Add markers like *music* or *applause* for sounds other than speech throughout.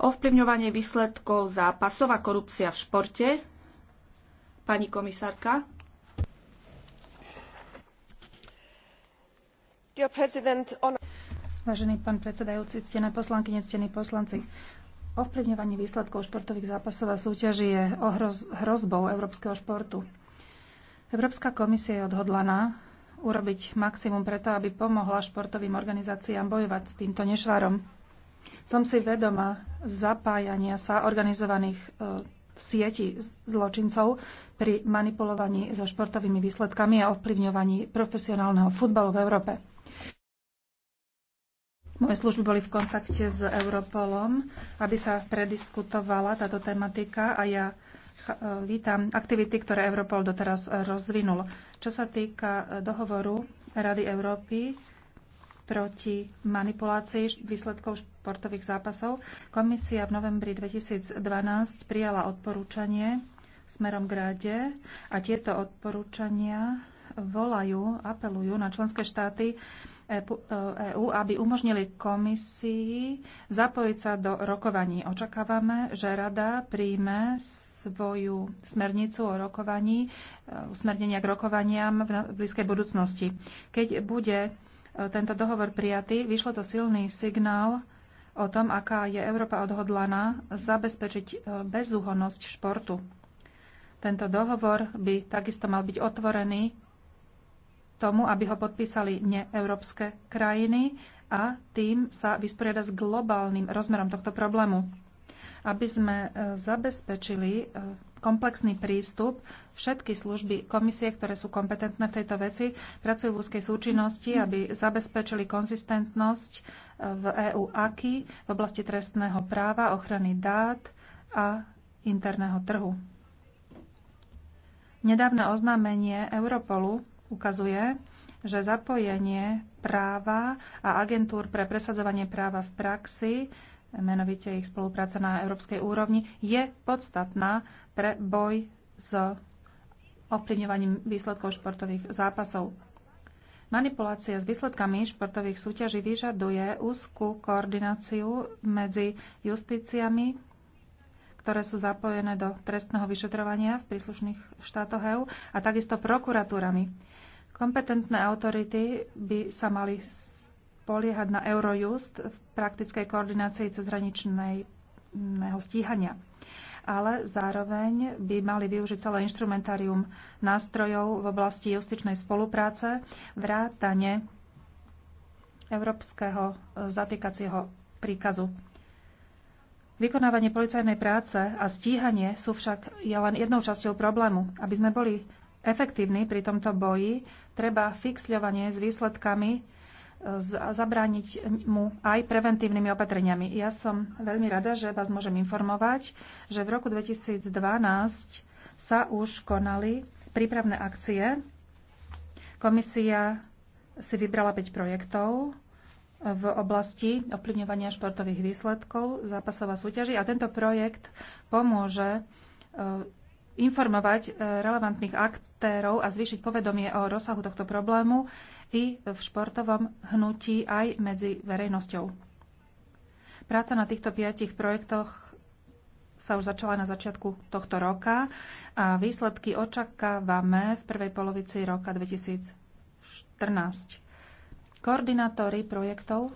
ovplyvňovanie výsledkov zápasov a korupcia v športe. Pani komisárka. Vážený pán predsedajúci, ctené poslanky, ctení poslanci. Ovplyvňovanie výsledkov športových zápasov a súťaží je ohroz, hrozbou európskeho športu. Európska komisia je odhodlaná urobiť maximum preto, aby pomohla športovým organizáciám bojovať s týmto nešvarom. Som si vedoma zapájania sa organizovaných e, sietí zločincov pri manipulovaní so športovými výsledkami a ovplyvňovaní profesionálneho futbalu v Európe. Moje služby boli v kontakte s Europolom, aby sa prediskutovala táto tematika a ja e, vítam aktivity, ktoré Europol doteraz rozvinul. Čo sa týka e, dohovoru Rady Európy proti manipulácii výsledkov športových zápasov, komisia v novembri 2012 prijala odporúčanie smerom k rade a tieto odporúčania volajú, apelujú na členské štáty EÚ, e, e aby umožnili komisii zapojiť sa do rokovaní. Očakávame, že rada príjme svoju smernicu o rokovaní, e, usmernenia k rokovaniam v blízkej budúcnosti. Keď bude tento dohovor prijatý, vyšlo to silný signál o tom, aká je Európa odhodlaná zabezpečiť e, bezúhonnosť športu. Tento dohovor by takisto mal byť otvorený tomu, aby ho podpísali neeurópske krajiny a tým sa vysporiada s globálnym rozmerom tohto problému. Aby sme e, zabezpečili e, komplexný prístup. Všetky služby komisie, ktoré sú kompetentné v tejto veci, pracujú v úzkej súčinnosti, aby zabezpečili konzistentnosť eh, v EU AKI v oblasti trestného práva, ochrany dát a interného trhu. Nedávne oznámenie Europolu ukazuje, že zapojenie práva a agentúr pre presadzovanie práva v praxi menovite ich spolupráca na európskej úrovni, je podstatná pre boj s ovplyvňovaním výsledkov športových zápasov. Manipulácia s výsledkami športových súťaží vyžaduje úzkú koordináciu medzi justíciami, ktoré sú zapojené do trestného vyšetrovania v príslušných štátoch EÚ a takisto prokuratúrami. Kompetentné autority by sa mali spoliehať na Eurojust v praktickej koordinácii cezhraničného stíhania. Ale zároveň by mali využiť celé inštrumentárium nástrojov v oblasti justičnej spolupráce, vrátane európskeho zatýkacieho príkazu. Vykonávanie policajnej práce a stíhanie sú však je len jednou časťou problému. Aby sme boli efektívni pri tomto boji, treba fixľovanie s výsledkami zabrániť mu aj preventívnymi opatreniami. Ja som veľmi rada, že vás môžem informovať, že v roku 2012 sa už konali prípravné akcie. Komisia si vybrala 5 projektov v oblasti ovplyvňovania športových výsledkov zápasová súťaži a tento projekt pomôže e, informovať e, relevantných aktérov a zvýšiť povedomie o rozsahu tohto problému i v športovom hnutí aj medzi verejnosťou. Práca na týchto piatich projektoch sa už začala na začiatku tohto roka a výsledky očakávame v prvej polovici roka 2014. Koordinátori projektov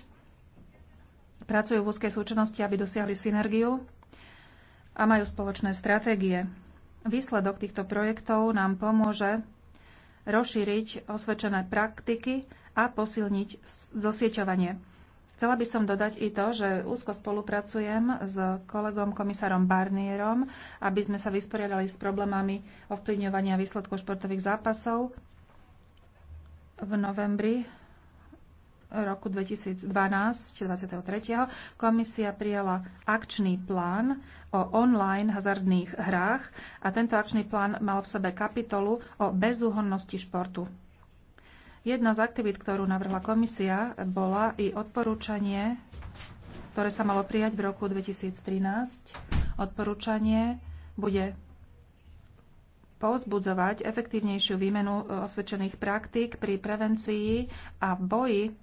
pracujú v úzkej súčinnosti, aby dosiahli synergiu a majú spoločné stratégie. Výsledok týchto projektov nám pomôže rozšíriť osvedčené praktiky a posilniť zosieťovanie. Chcela by som dodať i to, že úzko spolupracujem s kolegom komisárom Barnierom, aby sme sa vysporiadali s problémami ovplyvňovania výsledkov športových zápasov. V novembri roku 2012, 23. komisia prijala akčný plán o online hazardných hrách a tento akčný plán mal v sebe kapitolu o bezúhonnosti športu. Jedna z aktivít, ktorú navrhla komisia, bola i odporúčanie, ktoré sa malo prijať v roku 2013. Odporúčanie bude povzbudzovať efektívnejšiu výmenu e, osvedčených praktík pri prevencii a boji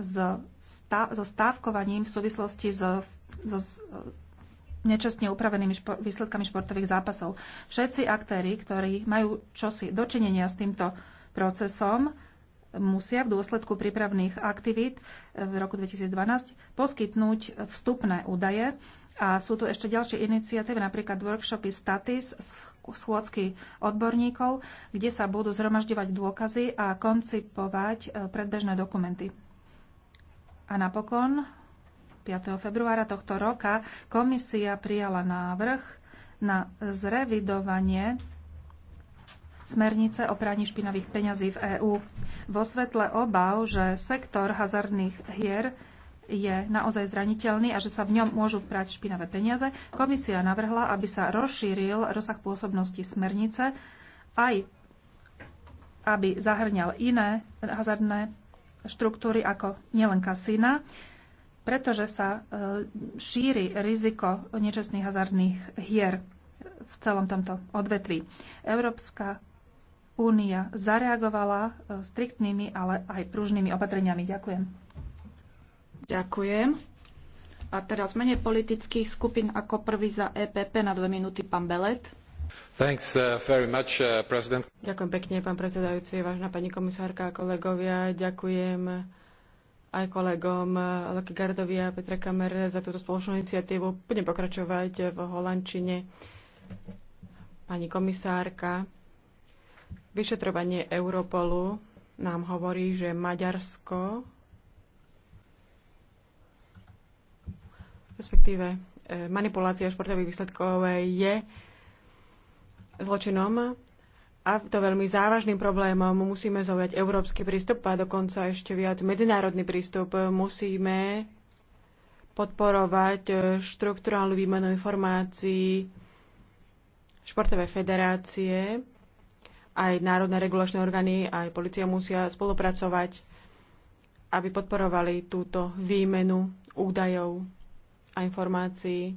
so stávkovaním v súvislosti so, so e, nečestne upravenými špo- výsledkami športových zápasov. Všetci aktéry, ktorí majú čosi dočinenia s týmto procesom, musia v dôsledku prípravných aktivít e, v roku 2012 poskytnúť vstupné údaje a sú tu ešte ďalšie iniciatívy, napríklad workshopy Statis, schôdzky odborníkov, kde sa budú zhromažďovať dôkazy a koncipovať e, predbežné dokumenty. A napokon 5. februára tohto roka komisia prijala návrh na zrevidovanie smernice o praní špinavých peňazí v EÚ. Vo svetle obav, že sektor hazardných hier je naozaj zraniteľný a že sa v ňom môžu vprať špinavé peniaze, komisia navrhla, aby sa rozšíril rozsah pôsobnosti smernice aj aby zahrňal iné hazardné štruktúry ako nielen kasína, pretože sa e, šíri riziko nečestných hazardných hier v celom tomto odvetví. Európska únia zareagovala e, striktnými, ale aj pružnými opatreniami. Ďakujem. Ďakujem. A teraz menej politických skupín ako prvý za EPP na dve minúty pán Belet. Uh, uh, ďakujem pekne, pán predsedajúci, vážna pani komisárka a kolegovia. Ďakujem aj kolegom uh, Loki Gardovi a Petra Kamere za túto spoločnú iniciatívu. Budem pokračovať v Holandčine. Pani komisárka, vyšetrovanie Europolu nám hovorí, že Maďarsko, respektíve eh, manipulácia športových výsledkov je zločinom a to veľmi závažným problémom. Musíme zaujať európsky prístup a dokonca ešte viac medzinárodný prístup. Musíme podporovať e, štruktúralnú výmenu informácií, športové federácie, aj národné regulačné orgány, aj policia musia spolupracovať, aby podporovali túto výmenu údajov a informácií.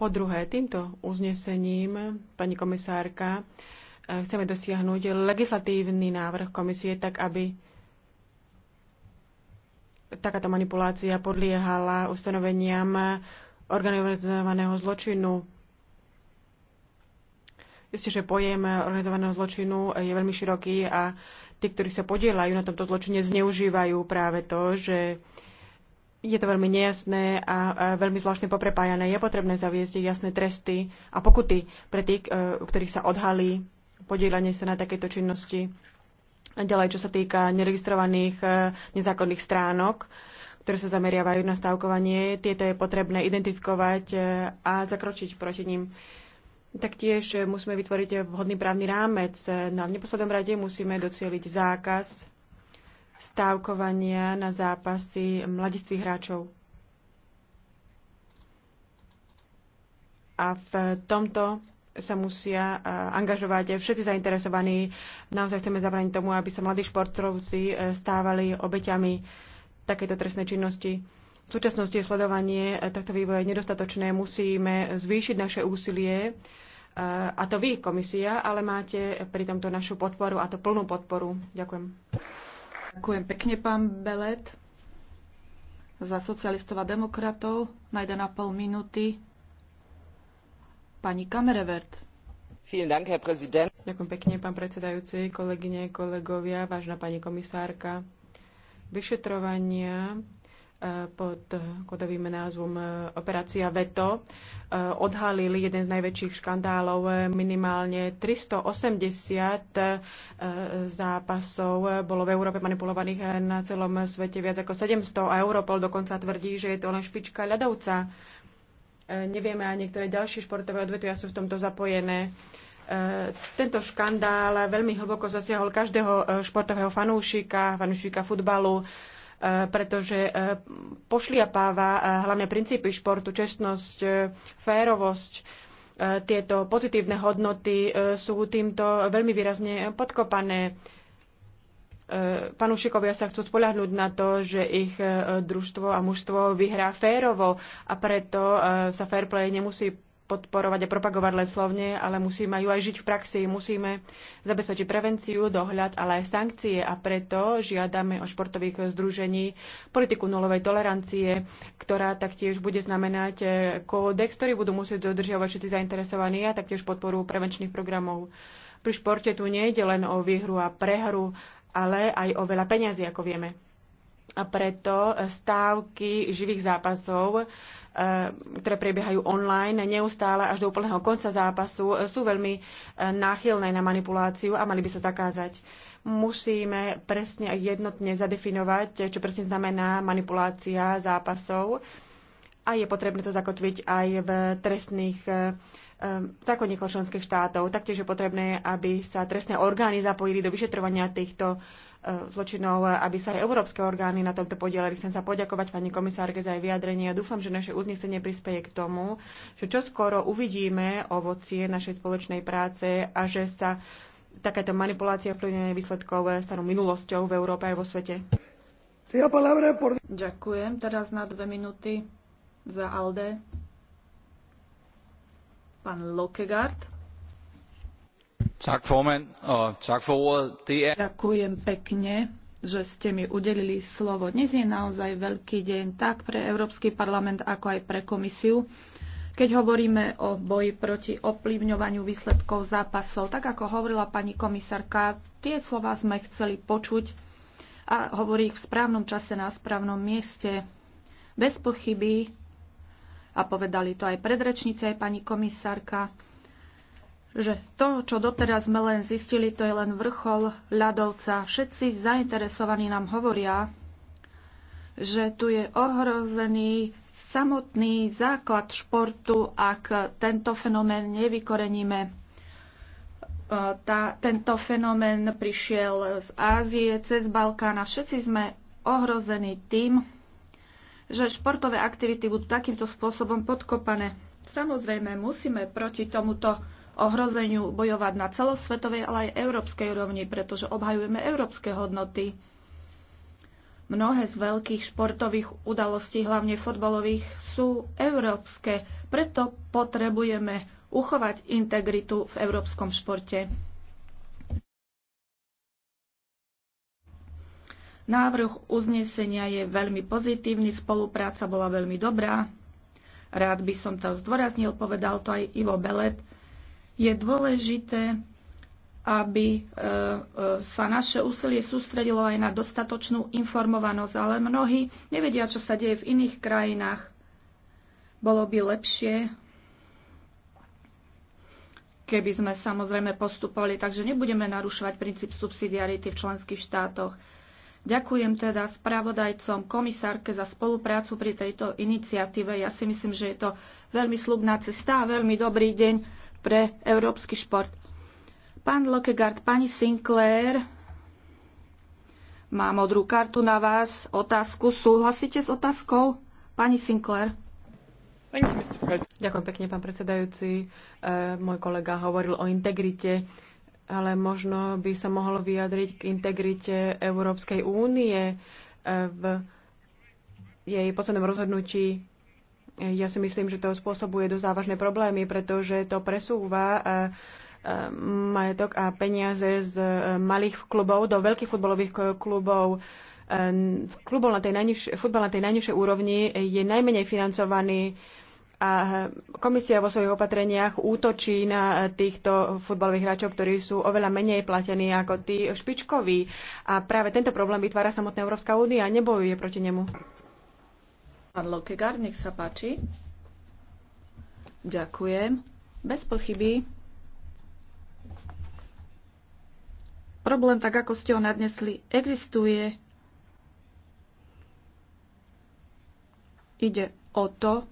Po druhé, týmto uznesením, pani komisárka, e, chceme dosiahnuť legislatívny návrh komisie tak, aby takáto manipulácia podliehala ustanoveniam organizovaného zločinu. Viete, že pojem organizovaného zločinu je veľmi široký a tí, ktorí sa podielajú na tomto zločine, zneužívajú práve to, že je to veľmi nejasné a veľmi zvláštne poprepájané. Je potrebné zaviesť jasné tresty a pokuty pre tých, e, ktorých sa odhalí podielanie sa na takéto činnosti. A ďalej, čo sa týka neregistrovaných e, nezákonných stránok, ktoré sa zameriavajú na stavkovanie, tieto je potrebné identifikovať e, a zakročiť proti ním. Taktiež musíme vytvoriť vhodný právny rámec. No a v neposlednom rade musíme docieliť zákaz stávkovania na zápasy mladistvých hráčov. A v tomto sa musia eh, angažovať všetci zainteresovaní. Naozaj chceme zabrániť tomu, aby sa mladí športovci eh, stávali obeťami takéto trestnej činnosti. V súčasnosti je sledovanie eh, tohto vývoja nedostatočné. Musíme zvýšiť naše úsilie, a to vy, komisia, ale máte pri tomto našu podporu a to plnú podporu. Ďakujem. Ďakujem pekne, pán Belet. Za socialistov a demokratov na 1,5 minúty pani Kamerevert. Dank, Ďakujem pekne, pán predsedajúci, kolegyne, kolegovia, vážna pani komisárka. Vyšetrovania pod kodovým názvom e, Operácia Veto e, odhalili jeden z najväčších škandálov. E, minimálne 380 zápasov bolo v Európe manipulovaných na celom svete viac ako 700 a Europol dokonca tvrdí, že je to len špička ľadovca. Nevieme a niektoré ďalšie športové odvetvia sú v tomto zapojené tento škandál veľmi hlboko zasiahol každého športového fanúšika, fanúšika futbalu pretože e, pošliapáva e, hlavné princípy športu, čestnosť, e, férovosť. Tieto pozitívne hodnoty sú týmto veľmi výrazne podkopané. Panušikovia sa chcú spoľahnúť na to, že ich družstvo a mužstvo vyhrá férovo a preto sa fair play nemusí podporovať a propagovať len slovne, ale musíme ju aj žiť v praxi. Musíme zabezpečiť prevenciu, dohľad, ale aj sankcie a preto žiadame o športových združení politiku nulovej tolerancie, ktorá taktiež bude znamenať eh, kódex, ktorý budú musieť dodržiavať všetci zainteresovaní a taktiež podporu prevenčných programov. Pri športe tu nie je len o výhru a prehru, ale aj o veľa peňazí, ako vieme. A preto eh, stávky živých zápasov Eh, ktoré prebiehajú online neustále až do úplného konca zápasu, eh, sú veľmi eh, náchylné na manipuláciu a mali by sa zakázať. Musíme presne a jednotne zadefinovať, čo presne znamená manipulácia zápasov a je potrebné to zakotviť aj v trestných zákonníkoch členských štátov. Taktiež je potrebné, aby sa trestné orgány zapojili do vyšetrovania týchto E, zločinov, aby sa aj európske orgány na tomto podielali. Chcem sa poďakovať pani komisárke za jej vyjadrenie a dúfam, že naše uznesenie prispieje k tomu, že čo skoro uvidíme ovocie našej spoločnej práce a že sa takéto manipulácie vplyvnenia výsledkov stanú minulosťou v Európe aj vo svete. Ďakujem. Teraz na dve minúty za Alde. Pán Lokegard. Tak, tak for ordet. Det er... Ďakujem pekne že ste mi udelili slovo. Dnes je naozaj veľký deň tak pre Európsky parlament, ako aj pre komisiu. Keď hovoríme o boji proti ovplyvňovaniu výsledkov zápasov, tak ako hovorila pani komisárka, tie slova sme chceli počuť a hovorí ich v správnom čase na správnom mieste. Bez pochyby, a povedali to aj predrečnice, aj pani komisárka, že to, čo doteraz sme len zistili, to je len vrchol ľadovca. Všetci zainteresovaní nám hovoria, že tu je ohrozený samotný základ športu, ak tento fenomén nevykoreníme. E, tá, tento fenomén prišiel z Ázie, cez Balkán a všetci sme ohrození tým, že športové aktivity budú takýmto spôsobom podkopané. Samozrejme, musíme proti tomuto ohrozeniu bojovať na celosvetovej, ale aj európskej úrovni, pretože obhajujeme európske hodnoty. Mnohé z veľkých športových udalostí, hlavne fotbalových, sú európske, preto potrebujeme uchovať integritu v európskom športe. Návrh uznesenia je veľmi pozitívny, spolupráca bola veľmi dobrá. Rád by som to zdôraznil, povedal to aj Ivo Belet, je dôležité, aby e, e, sa naše úsilie sústredilo aj na dostatočnú informovanosť, ale mnohí nevedia, čo sa deje v iných krajinách. Bolo by lepšie, keby sme samozrejme postupovali, takže nebudeme narušovať princíp subsidiarity v členských štátoch. Ďakujem teda spravodajcom, komisárke za spoluprácu pri tejto iniciatíve. Ja si myslím, že je to veľmi slubná cesta a veľmi dobrý deň pre európsky šport. Pán Lokegard, pani Sinclair, mám modrú kartu na vás. Otázku. Súhlasíte s otázkou? Pani Sinclair. You, Ďakujem pekne, pán predsedajúci. E, môj kolega hovoril o integrite, ale možno by sa mohlo vyjadriť k integrite Európskej únie. E, v jej poslednom rozhodnutí ja si myslím, že to spôsobuje dosť závažné problémy, pretože to presúva eh, eh, majetok a peniaze z eh, malých klubov do veľkých futbalových klubov klubov na tej najniž, futbal na tej najnižšej úrovni je najmenej financovaný a komisia vo svojich opatreniach útočí na týchto futbalových hráčov, ktorí sú oveľa menej platení ako tí špičkoví. A práve tento problém vytvára samotná Európska únia a nebojuje proti nemu. Pán nech sa páči. Ďakujem. Bez pochyby. Problém, tak ako ste ho nadnesli, existuje. Ide o to,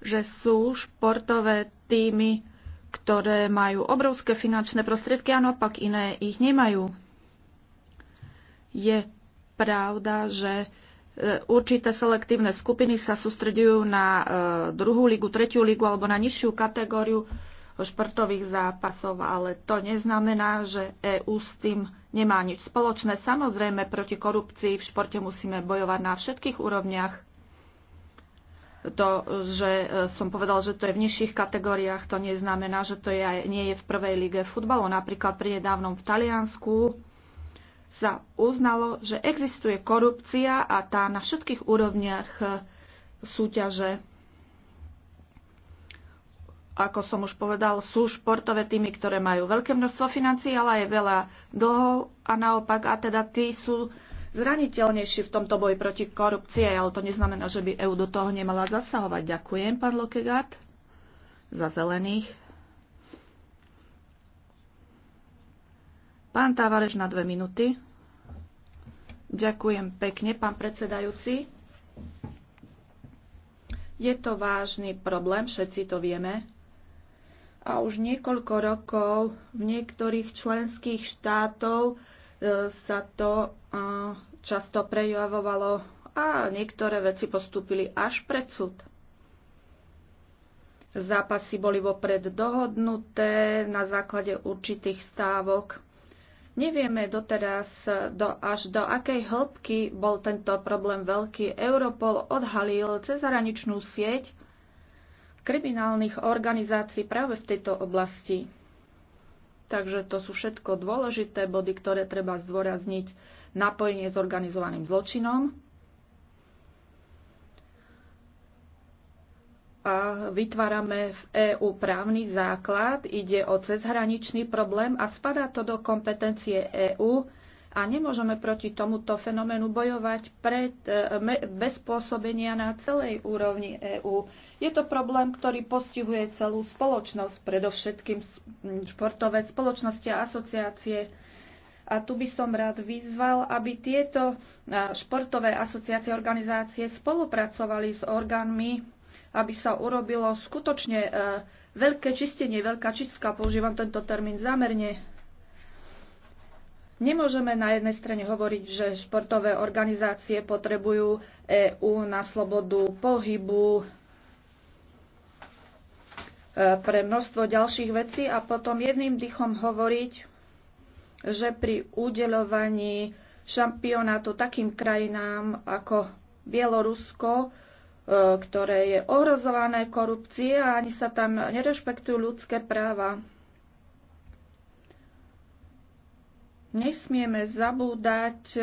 že sú športové týmy, ktoré majú obrovské finančné prostriedky a naopak iné ich nemajú. Je pravda, že E, určité selektívne skupiny sa sústredujú na e, druhú ligu, tretiu ligu alebo na nižšiu kategóriu športových zápasov, ale to neznamená, že EÚ s tým nemá nič spoločné. Samozrejme, proti korupcii v športe musíme bojovať na všetkých úrovniach. To, že e, som povedal, že to je v nižších kategóriách, to neznamená, že to je, nie je v prvej lige futbalu. Napríklad pri nedávnom v Taliansku sa uznalo, že existuje korupcia a tá na všetkých úrovniach eh, súťaže. Ako som už povedal, sú športové týmy, ktoré majú veľké množstvo financií, ale aj veľa dlhov a naopak, a teda tí sú zraniteľnejší v tomto boji proti korupcii, ale to neznamená, že by EU do toho nemala zasahovať. Ďakujem, pán Lokegat, za zelených. Pán Távareš na dve minúty. Ďakujem pekne, pán predsedajúci. Je to vážny problém, všetci to vieme. A už niekoľko rokov v niektorých členských štátov e, sa to e, často prejavovalo a niektoré veci postúpili až pred súd. Zápasy boli vopred dohodnuté na základe určitých stávok Nevieme doteraz, do, až do akej hĺbky bol tento problém veľký. Europol odhalil cezhraničnú sieť kriminálnych organizácií práve v tejto oblasti. Takže to sú všetko dôležité body, ktoré treba zdôrazniť. Napojenie s organizovaným zločinom, a vytvárame v EÚ právny základ, ide o cezhraničný problém a spadá to do kompetencie EÚ a nemôžeme proti tomuto fenoménu bojovať pred, e, bez pôsobenia na celej úrovni EÚ. Je to problém, ktorý postihuje celú spoločnosť, predovšetkým športové spoločnosti a asociácie. A tu by som rád vyzval, aby tieto športové asociácie, organizácie spolupracovali s orgánmi aby sa urobilo skutočne e, veľké čistenie, veľká čistka, používam tento termín zámerne. Nemôžeme na jednej strane hovoriť, že športové organizácie potrebujú EÚ na slobodu pohybu, e, pre množstvo ďalších vecí a potom jedným dychom hovoriť, že pri udeľovaní šampionátu takým krajinám ako Bielorusko E, ktoré je ohrozované korupcie a ani sa tam nerešpektujú ľudské práva. Nesmieme zabúdať e,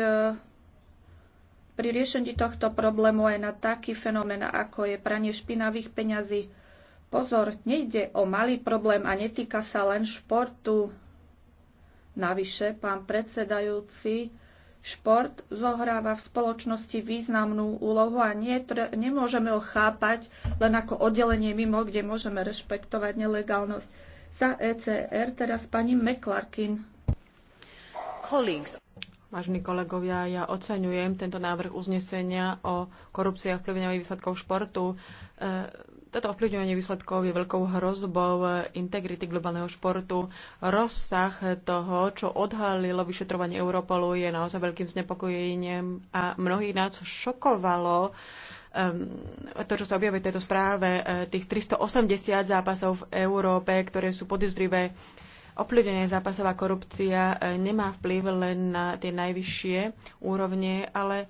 pri riešení tohto problému aj na taký fenomén, ako je pranie špinavých peňazí. Pozor, nejde o malý problém a netýka sa len športu. Navyše, pán predsedajúci, Šport zohráva v spoločnosti významnú úlohu a nie, nemôžeme ho chápať len ako oddelenie mimo, kde môžeme rešpektovať nelegálnosť. Za ECR teraz pani McClarkin. Colleagues. Vážení kolegovia, ja oceňujem tento návrh uznesenia o korupcii a vplyvňových výsledkov športu. E toto ovplyvňovanie výsledkov je veľkou hrozbou integrity globálneho športu. Rozsah toho, čo odhalilo vyšetrovanie Europolu, je naozaj veľkým znepokojením a mnohých nás šokovalo ehm, to, čo sa objavuje v tejto správe, eh, tých 380 zápasov v Európe, ktoré sú podozrivé ovplyvnené zápasová korupcia eh, nemá vplyv len na tie najvyššie úrovne, ale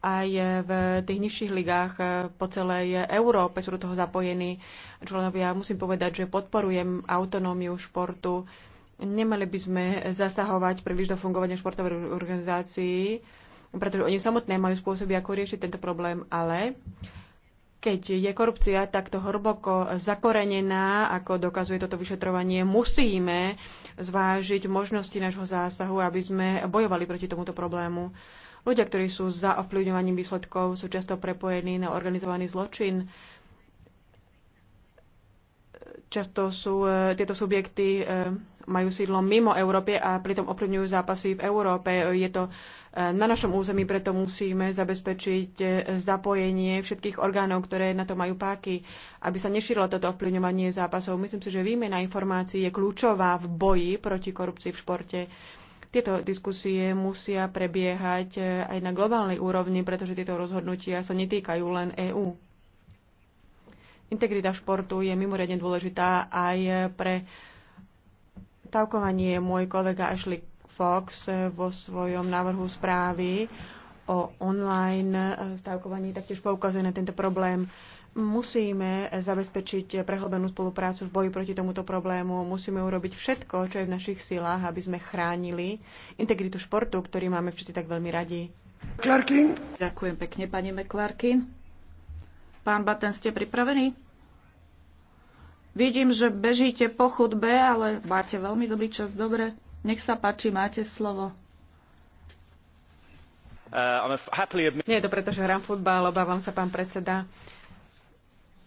aj v tých nižších ligách eh, po celej Európe sú do toho zapojení členovia. Musím povedať, že podporujem autonómiu športu. Nemali by sme zasahovať príliš do fungovania športovej organizácií, pretože oni samotné majú spôsoby, ako riešiť tento problém, ale keď je korupcia takto hlboko zakorenená, ako dokazuje toto vyšetrovanie, musíme zvážiť možnosti nášho zásahu, aby sme bojovali proti tomuto problému. Ľudia, ktorí sú za ovplyvňovaním výsledkov, sú často prepojení na organizovaný zločin. Často sú e, tieto subjekty e, majú sídlo mimo Európy a pritom ovplyvňujú zápasy v Európe. Je to e, na našom území, preto musíme zabezpečiť zapojenie všetkých orgánov, ktoré na to majú páky, aby sa nešírilo toto ovplyvňovanie zápasov. Myslím si, že výmena informácií je kľúčová v boji proti korupcii v športe. Tieto diskusie musia prebiehať eh, aj na globálnej úrovni, pretože tieto rozhodnutia sa netýkajú len EÚ. Integrita športu je mimoriadne dôležitá aj pre stavkovanie. Môj kolega Ashley Fox eh, vo svojom návrhu správy o online eh, stavkovaní taktiež poukazuje na tento problém musíme zabezpečiť prehlbenú spoluprácu v boji proti tomuto problému. Musíme urobiť všetko, čo je v našich silách, aby sme chránili integritu športu, ktorý máme všetci tak veľmi radi. Clarkin. Ďakujem pekne, pani McClarkin. Pán Batten, ste pripravení? Vidím, že bežíte po chudbe, ale máte veľmi dobrý čas. Dobre, nech sa páči, máte slovo. Uh, happily... Nie je to preto, že hrám futbal, obávam sa, pán predseda. Uh,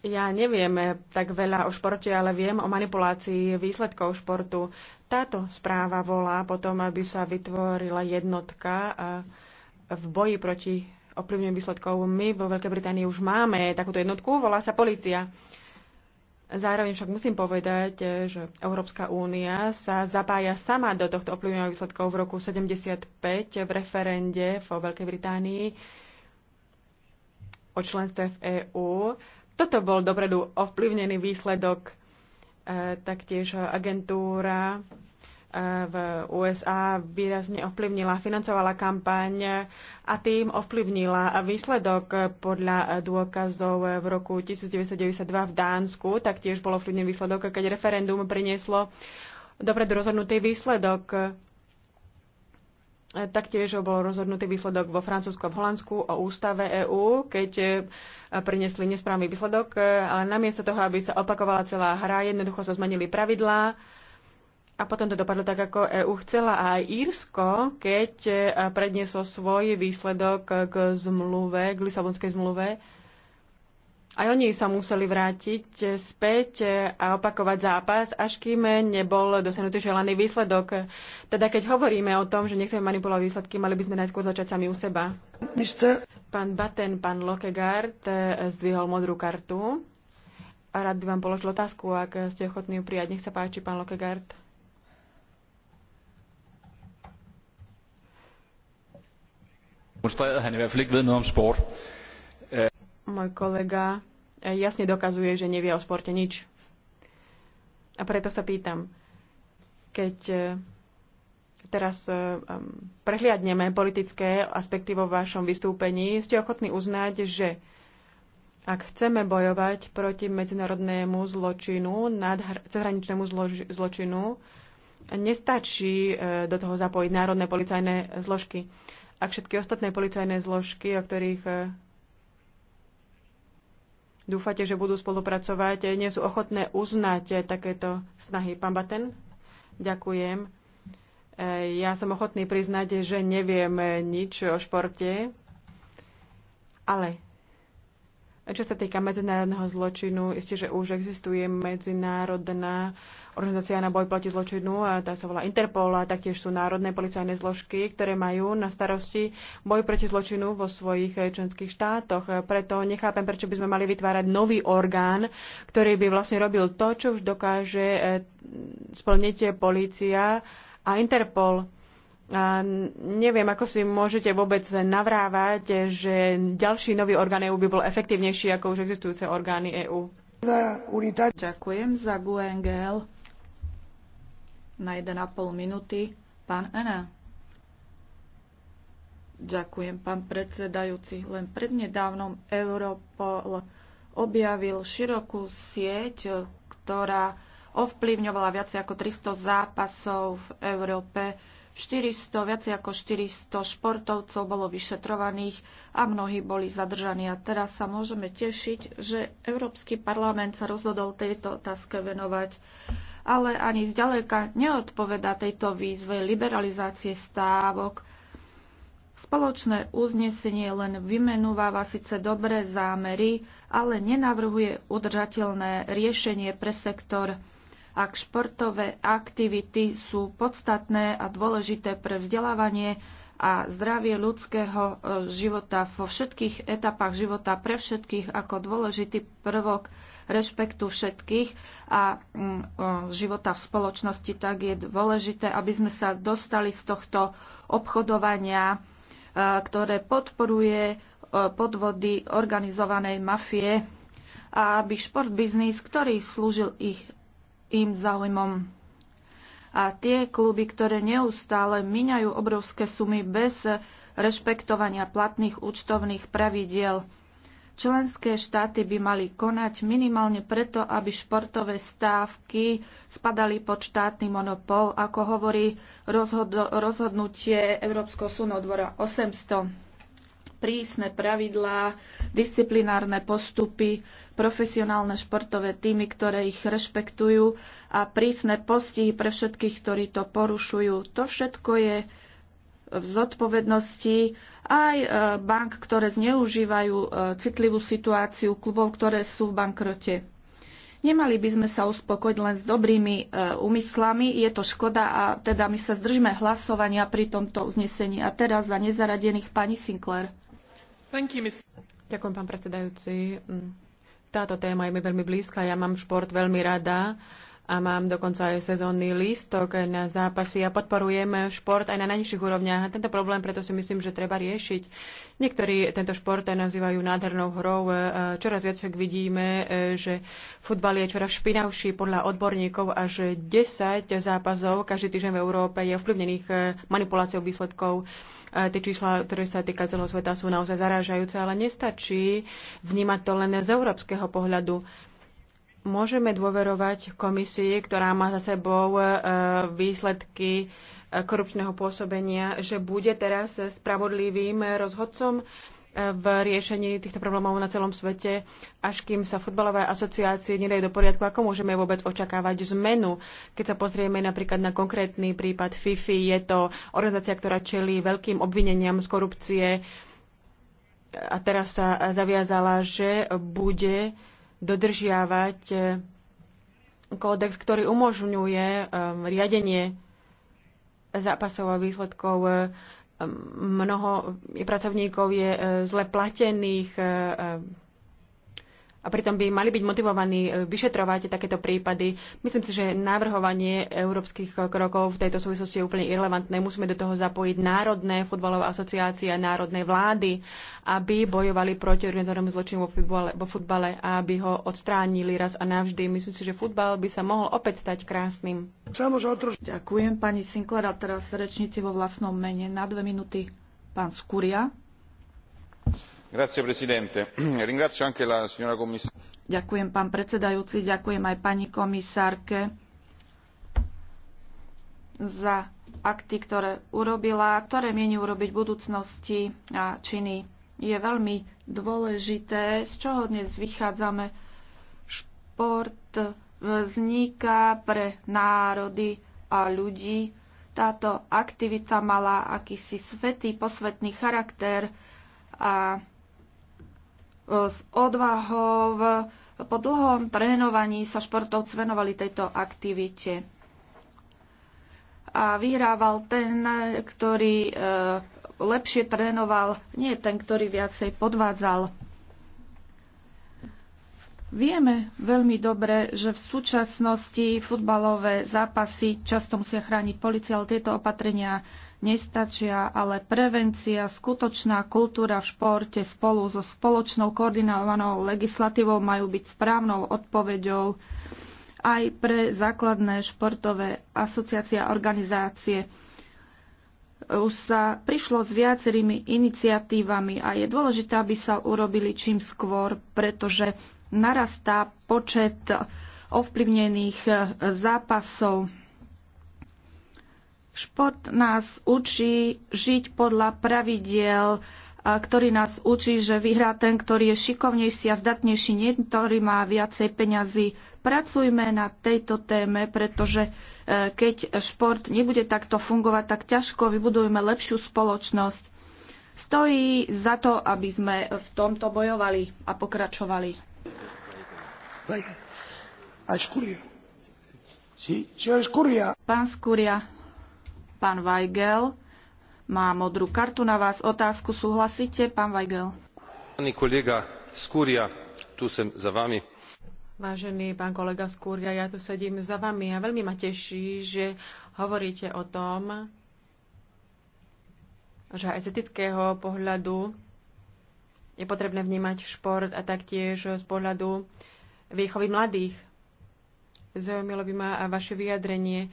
ja neviem tak veľa o športe, ale viem o manipulácii výsledkov športu. Táto správa volá potom, aby sa vytvorila jednotka v boji proti ovplyvňujem výsledkov. My vo Veľkej Británii už máme takúto jednotku, volá sa policia. Zároveň však musím povedať, že Európska únia sa zapája sama do tohto ovplyvňovania výsledkov v roku 75 v referende vo Veľkej Británii o členstve v EÚ toto bol dopredu ovplyvnený výsledok. E, taktiež agentúra e, v USA výrazne ovplyvnila, financovala kampaň a tým ovplyvnila výsledok podľa dôkazov v roku 1992 v Dánsku. Taktiež bol ovplyvnený výsledok, keď referendum prinieslo dopredu rozhodnutý výsledok. Taktiež bol rozhodnutý výsledok vo Francúzsku a v Holandsku o ústave EÚ, keď e, priniesli nesprávny výsledok, e, ale namiesto toho, aby sa opakovala celá hra, jednoducho sa zmenili pravidlá a potom to dopadlo tak, ako EÚ chcela. A aj Írsko, keď e, prednieslo svoj výsledok k zmluve, k Lisabonskej zmluve, aj oni sa museli vrátiť späť a opakovať zápas, až kým nebol dosiahnutý želaný výsledok. Teda keď hovoríme o tom, že nechceme manipulovať výsledky, mali by sme najskôr začať sami u seba. Mister. Pán Batten, pán Lokegaard eh, zdvihol modrú kartu. A rád by vám položil otázku, ak ste ochotní ju prijať. Nech sa páči, pán Lokegaard. Demonstrerede han er i hvert fald ikke ved noget om sport. Môj kolega e, jasne dokazuje, že nevie o športe nič. A preto sa pýtam, keď e, teraz e, prehliadneme politické aspekty vo vašom vystúpení, ste ochotní uznať, že ak chceme bojovať proti medzinárodnému zločinu, cezhraničnému zločinu, nestačí do toho zapojiť národné policajné zložky. Ak všetky ostatné policajné zložky, o ktorých dúfate, že budú spolupracovať, eh, nie sú ochotné uznať eh, takéto snahy. Pán Baten, ďakujem. Eh, ja som ochotný priznať, že neviem nič o športe, ale čo sa týka medzinárodného zločinu, isté, že už existuje medzinárodná organizácia na boj proti zločinu, a tá sa volá Interpol, a taktiež sú národné policajné zložky, ktoré majú na starosti boj proti zločinu vo svojich eh, členských štátoch. Preto nechápem, prečo by sme mali vytvárať nový orgán, ktorý by vlastne robil to, čo už dokáže eh, splniť polícia a Interpol. A neviem, ako si môžete vôbec navrávať, že ďalší nový orgán EÚ by bol efektívnejší ako už existujúce orgány EÚ. Ďakujem za GUNGL na 1,5 minúty pán Ena. Ďakujem, pán predsedajúci. Len prednedávnom Europol objavil širokú sieť, ktorá ovplyvňovala viac ako 300 zápasov v Európe. 400, viac ako 400 športovcov bolo vyšetrovaných a mnohí boli zadržaní. A teraz sa môžeme tešiť, že Európsky parlament sa rozhodol tejto otázke venovať ale ani zďaleka neodpoveda tejto výzve liberalizácie stávok. Spoločné uznesenie len vymenúváva síce dobré zámery, ale nenavrhuje udržateľné riešenie pre sektor ak športové aktivity sú podstatné a dôležité pre vzdelávanie, a zdravie ľudského e, života vo všetkých etapách života pre všetkých ako dôležitý prvok rešpektu všetkých a mm, života v spoločnosti, tak je dôležité, aby sme sa dostali z tohto obchodovania, e, ktoré podporuje e, podvody organizovanej mafie a aby šport biznis, ktorý slúžil ich, im záujmom a tie kluby, ktoré neustále miňajú obrovské sumy bez rešpektovania platných účtovných pravidiel, Členské štáty by mali konať minimálne preto, aby športové stávky spadali pod štátny monopol, ako hovorí rozhodnutie Európskeho súdneho dvora 800. Prísne pravidlá, disciplinárne postupy profesionálne športové týmy, ktoré ich rešpektujú a prísne postihy pre všetkých, ktorí to porušujú. To všetko je v zodpovednosti aj e, bank, ktoré zneužívajú e, citlivú situáciu klubov, ktoré sú v bankrote. Nemali by sme sa uspokojiť len s dobrými e, úmyslami, je to škoda a teda my sa zdržíme hlasovania pri tomto uznesení. A teraz za nezaradených pani Sinclair. You, Ďakujem, pán predsedajúci. Mm. Táto téma je mi veľmi blízka. Ja mám šport veľmi rada a mám dokonca aj sezónny lístok na zápasy a podporujem šport aj na najnižších úrovniach. Tento problém preto si myslím, že treba riešiť. Niektorí tento šport nazývajú nádhernou hrou. E, čoraz viac vidíme, e, že futbal je čoraz špinavší podľa odborníkov. Až 10 zápasov každý týždeň v Európe je ovplyvnených e, manipuláciou výsledkov. Tie čísla, ktoré sa týka celého sveta, sú naozaj zarážajúce, ale nestačí vnímať to len z európskeho pohľadu. Môžeme dôverovať komisii, ktorá má za sebou e, výsledky e, korupčného pôsobenia, že bude teraz spravodlivým rozhodcom e, v riešení týchto problémov na celom svete, až kým sa futbalové asociácie nedajú do poriadku, ako môžeme vôbec očakávať zmenu. Keď sa pozrieme napríklad na konkrétny prípad FIFI, je to organizácia, ktorá čelí veľkým obvineniam z korupcie a teraz sa zaviazala, že bude dodržiavať eh, kódex, ktorý umožňuje eh, riadenie zápasov a výsledkov. Eh, mnoho pracovníkov je zle platených, a pritom by mali byť motivovaní e, vyšetrovať takéto prípady. Myslím si, že navrhovanie európskych krokov v tejto súvislosti je úplne irrelevantné. Musíme do toho zapojiť národné futbalové asociácie a národné vlády, aby bojovali proti organizovanému zločinu vo futbale, vo futbale a aby ho odstránili raz a navždy. Myslím si, že futbal by sa mohol opäť stať krásnym. Ďakujem pani Sinclair a teraz rečnite vo vlastnom mene na dve minúty pán Skúria. *clears throat* Ďakujem, pán predsedajúci, ďakujem aj pani komisárke za akty, ktoré urobila, ktoré mieni urobiť v budúcnosti a činy. Je veľmi dôležité, z čoho dnes vychádzame. Šport vzniká pre národy a ľudí. Táto aktivita mala akýsi svetý, posvetný charakter a s odvahou. Po dlhom trénovaní sa športovci venovali tejto aktivite. A vyhrával ten, ktorý e, lepšie trénoval, nie ten, ktorý viacej podvádzal. Vieme veľmi dobre, že v súčasnosti futbalové zápasy často musia chrániť policia, ale tieto opatrenia nestačia, ale prevencia, skutočná kultúra v športe spolu so spoločnou koordinovanou legislatívou majú byť správnou odpoveďou aj pre základné športové asociácie a organizácie už sa prišlo s viacerými iniciatívami a je dôležité, aby sa urobili čím skôr, pretože narastá počet ovplyvnených zápasov. Šport nás učí žiť podľa pravidiel, ktorý nás učí, že vyhrá ten, ktorý je šikovnejší a zdatnejší, nie ktorý má viacej peňazí. Pracujme na tejto téme, pretože e, keď šport nebude takto fungovať, tak ťažko vybudujeme lepšiu spoločnosť. Stojí za to, aby sme v tomto bojovali a pokračovali. Pán Skúria, pán Weigel, má modrú kartu na vás. Otázku súhlasíte, pán Weigel? Pán kolega Skúria, tu som za vami. Vážený pán kolega Skúria, ja tu sedím za vami a veľmi ma teší, že hovoríte o tom, že aj z etického pohľadu je potrebné vnímať šport a taktiež z pohľadu výchovy mladých. Zaujímalo by ma vaše vyjadrenie, e,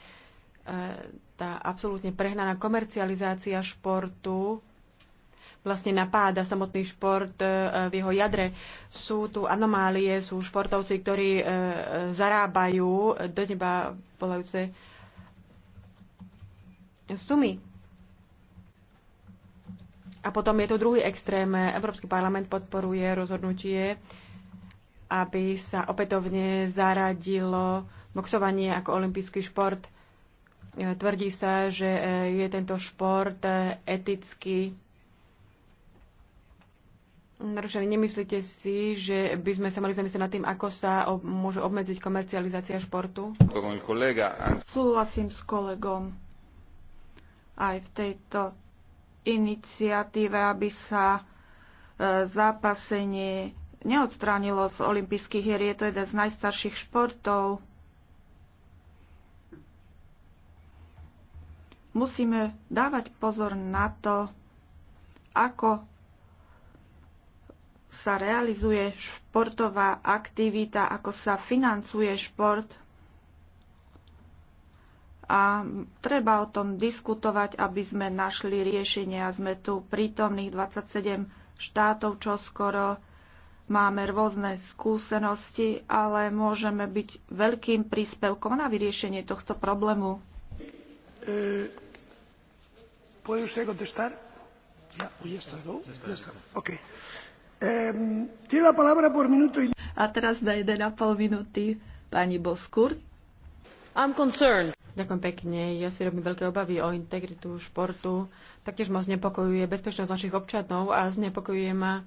tá absolútne prehnaná komercializácia športu vlastne napáda samotný šport e, v jeho jadre. Sú tu anomálie, sú športovci, ktorí e, zarábajú do neba volajúce sumy. A potom je to druhý extrém. Európsky parlament podporuje rozhodnutie, aby sa opätovne zaradilo boxovanie ako olimpijský šport. E, tvrdí sa, že e, je tento šport e, eticky narušený. Nemyslíte si, že by sme sa mali zamyslieť nad tým, ako sa ob- môže obmedziť komercializácia športu? Súhlasím s kolegom aj v tejto iniciatíve, aby sa e, zápasenie neodstránilo z olympijských hier. Je to jeden z najstarších športov. Musíme dávať pozor na to, ako sa realizuje športová aktivita, ako sa financuje šport a treba o tom diskutovať, aby sme našli riešenie a sme tu prítomných 27 štátov, čo skoro máme rôzne skúsenosti, ale môžeme byť veľkým príspevkom na vyriešenie tohto problému. E, ¿Puede usted contestar? ya está, ¿no? Ya está. tiene la palabra por minuto y... A teraz na 1,5 minúty pani Boskurt. I'm concerned. Ďakujem pekne. Ja si robím veľké obavy o integritu športu. Taktiež ma znepokojuje bezpečnosť našich občanov a znepokojuje ma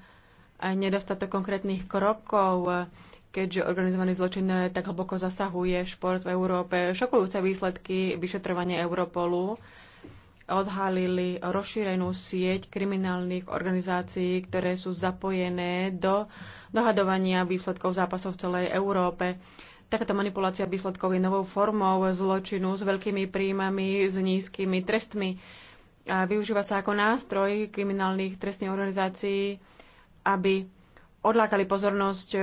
aj nedostatok konkrétnych krokov, keďže organizovaný zločin tak hlboko zasahuje šport v Európe. Šokujúce výsledky vyšetrovania Europolu odhalili rozšírenú sieť kriminálnych organizácií, ktoré sú zapojené do dohadovania výsledkov zápasov v celej Európe. Takáto manipulácia výsledkov je novou formou zločinu s veľkými príjmami, s nízkymi trestmi. A využíva sa ako nástroj kriminálnych trestných organizácií, aby odlákali pozornosť e,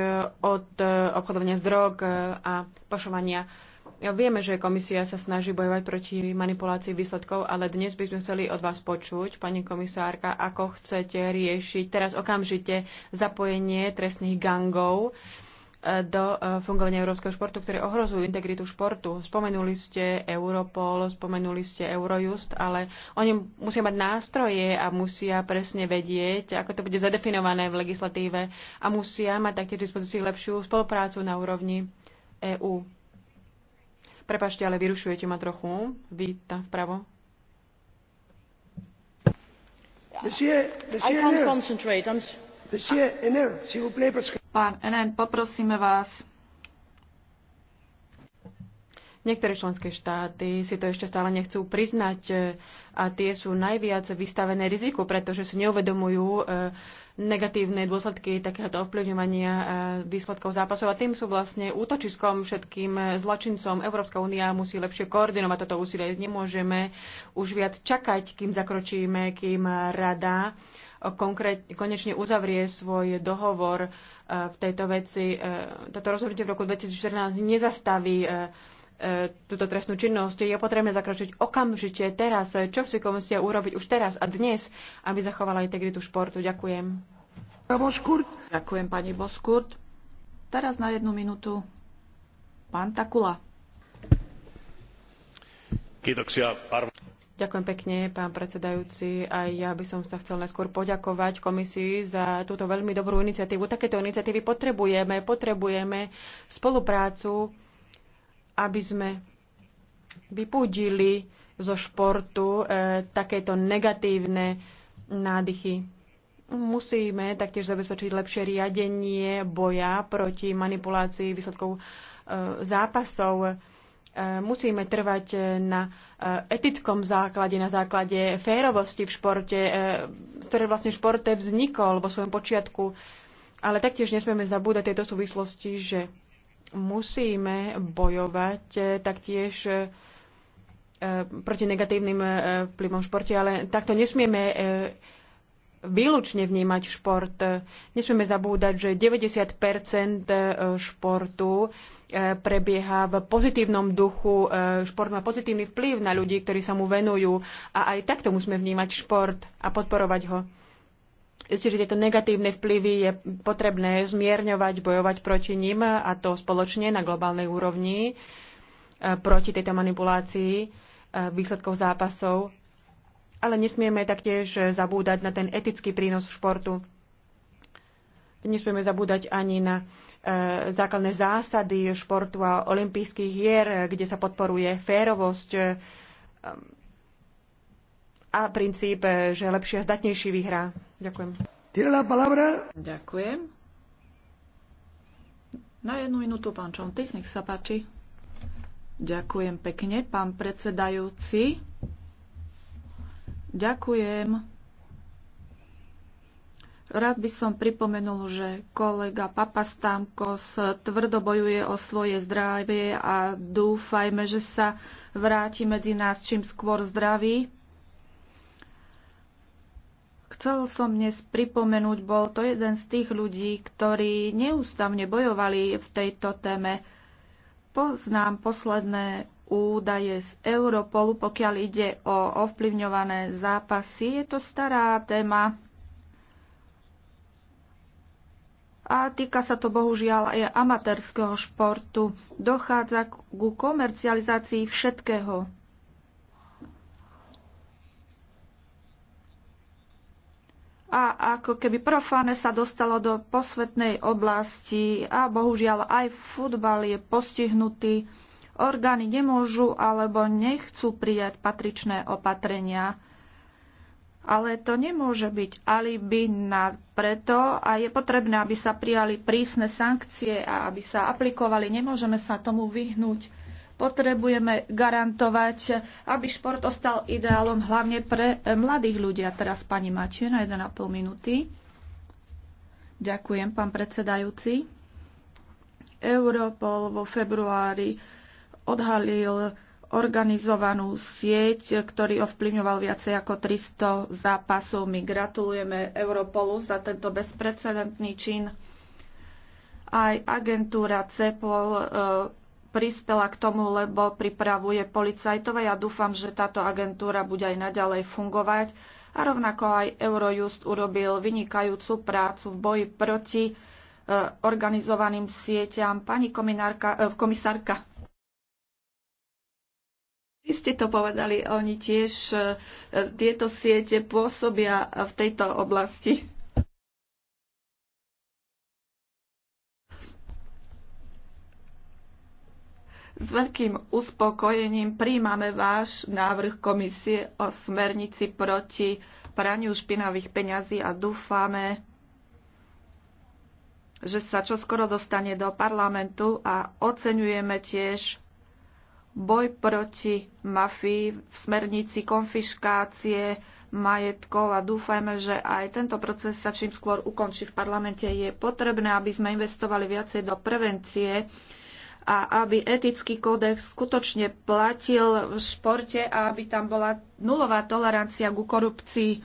od e, obchodovania z drog e, a pašovania. Ja vieme, že komisia sa snaží bojovať proti manipulácii výsledkov, ale dnes by sme chceli od vás počuť, pani komisárka, ako chcete riešiť teraz okamžite zapojenie trestných gangov do e, fungovania európskeho športu, ktoré ohrozujú integritu športu. Spomenuli ste Europol, spomenuli ste Eurojust, ale oni musia mať nástroje a musia presne vedieť, ako to bude zadefinované v legislatíve a musia mať taktiež v dispozícii lepšiu spoluprácu na úrovni EÚ. Prepašte, ale vyrušujete ma trochu. Vy tam vpravo. Monsieur, monsieur I can't concentrate. I'm... Pán Enen, poprosíme vás. Niektoré členské štáty si to ešte stále nechcú priznať e, a tie sú najviac vystavené riziku, pretože si neuvedomujú e, negatívne dôsledky takéhoto ovplyvňovania e, výsledkov zápasov a tým sú vlastne útočiskom všetkým zločincom. Európska únia musí lepšie koordinovať toto úsilie. Nemôžeme už viac čakať, kým zakročíme, kým rada konkrét, konečne uzavrie svoj dohovor e, v tejto veci. E, toto rozhodnutie v roku 2014 nezastaví e, túto trestnú činnosť, je potrebné zakročiť okamžite teraz. Čo si komisia urobiť už teraz a dnes, aby zachovala integritu športu? Ďakujem. Ďakujem, pani Boskurt. Teraz na jednu minútu pán Takula. Kiitoksia, arvo... Ďakujem pekne, pán predsedajúci. Aj ja by som sa chcel najskôr poďakovať komisii za túto veľmi dobrú iniciatívu. Takéto iniciatívy potrebujeme. Potrebujeme spoluprácu, aby sme vypúdili zo športu e, takéto negatívne nádychy. Musíme taktiež zabezpečiť lepšie riadenie boja proti manipulácii výsledkov e, zápasov E, musíme trvať e, na e, etickom základe, na základe férovosti v športe, z ktoré vlastne šport vznikol vo svojom počiatku. Ale taktiež nesmieme zabúdať tejto súvislosti, že musíme bojovať taktiež proti negatívnym vplyvom v športe, ale takto nesmieme výlučne vnímať šport. Nesmieme zabúdať, že 90 športu E, prebieha v pozitívnom duchu. E, šport má pozitívny vplyv na ľudí, ktorí sa mu venujú a aj takto musíme vnímať šport a podporovať ho. Isté, že tieto negatívne vplyvy je potrebné zmierňovať, bojovať proti ním a to spoločne na globálnej úrovni e, proti tejto manipulácii výsledkov zápasov. Ale nesmieme taktiež zabúdať na ten etický prínos športu. Nesmieme zabúdať ani na E, základné zásady športu a olympijských hier, kde sa podporuje férovosť e, a princíp, že lepšie a zdatnejší vyhrá. Ďakujem. Ďakujem. Na jednu minútu, pán Čontis, nech sa páči. Ďakujem pekne, pán predsedajúci. Ďakujem Rád by som pripomenul, že kolega Papa Papastámkos tvrdo bojuje o svoje zdravie a dúfajme, že sa vráti medzi nás čím skôr zdraví. Chcel som dnes pripomenúť, bol to jeden z tých ľudí, ktorí neústavne bojovali v tejto téme. Poznám posledné údaje z Europolu, pokiaľ ide o ovplyvňované zápasy. Je to stará téma, a týka sa to bohužiaľ aj amatérskeho športu. Dochádza ku komercializácii všetkého. A ako keby profáne sa dostalo do posvetnej oblasti a bohužiaľ aj futbal je postihnutý. Orgány nemôžu alebo nechcú prijať patričné opatrenia ale to nemôže byť alibi na preto a je potrebné, aby sa prijali prísne sankcie a aby sa aplikovali. Nemôžeme sa tomu vyhnúť. Potrebujeme garantovať, aby šport ostal ideálom hlavne pre eh, mladých ľudí. A teraz pani Mačie na 1,5 minúty. Ďakujem, pán predsedajúci. Europol vo februári odhalil organizovanú sieť, ktorý ovplyvňoval viacej ako 300 zápasov. My gratulujeme Europolu za tento bezprecedentný čin. Aj agentúra CEPOL e, prispela k tomu, lebo pripravuje policajtové. Ja dúfam, že táto agentúra bude aj naďalej fungovať. A rovnako aj Eurojust urobil vynikajúcu prácu v boji proti e, organizovaným sieťam. Pani e, komisárka, vy ste to povedali, oni tiež e, tieto siete pôsobia v tejto oblasti. S veľkým uspokojením príjmame váš návrh komisie o smernici proti praniu špinavých peňazí a dúfame, že sa čoskoro dostane do parlamentu a oceňujeme tiež boj proti mafii v smernici konfiškácie majetkov a dúfajme, že aj tento proces sa čím skôr ukončí v parlamente. Je potrebné, aby sme investovali viacej do prevencie a aby etický kódex skutočne platil v športe a aby tam bola nulová tolerancia ku korupcii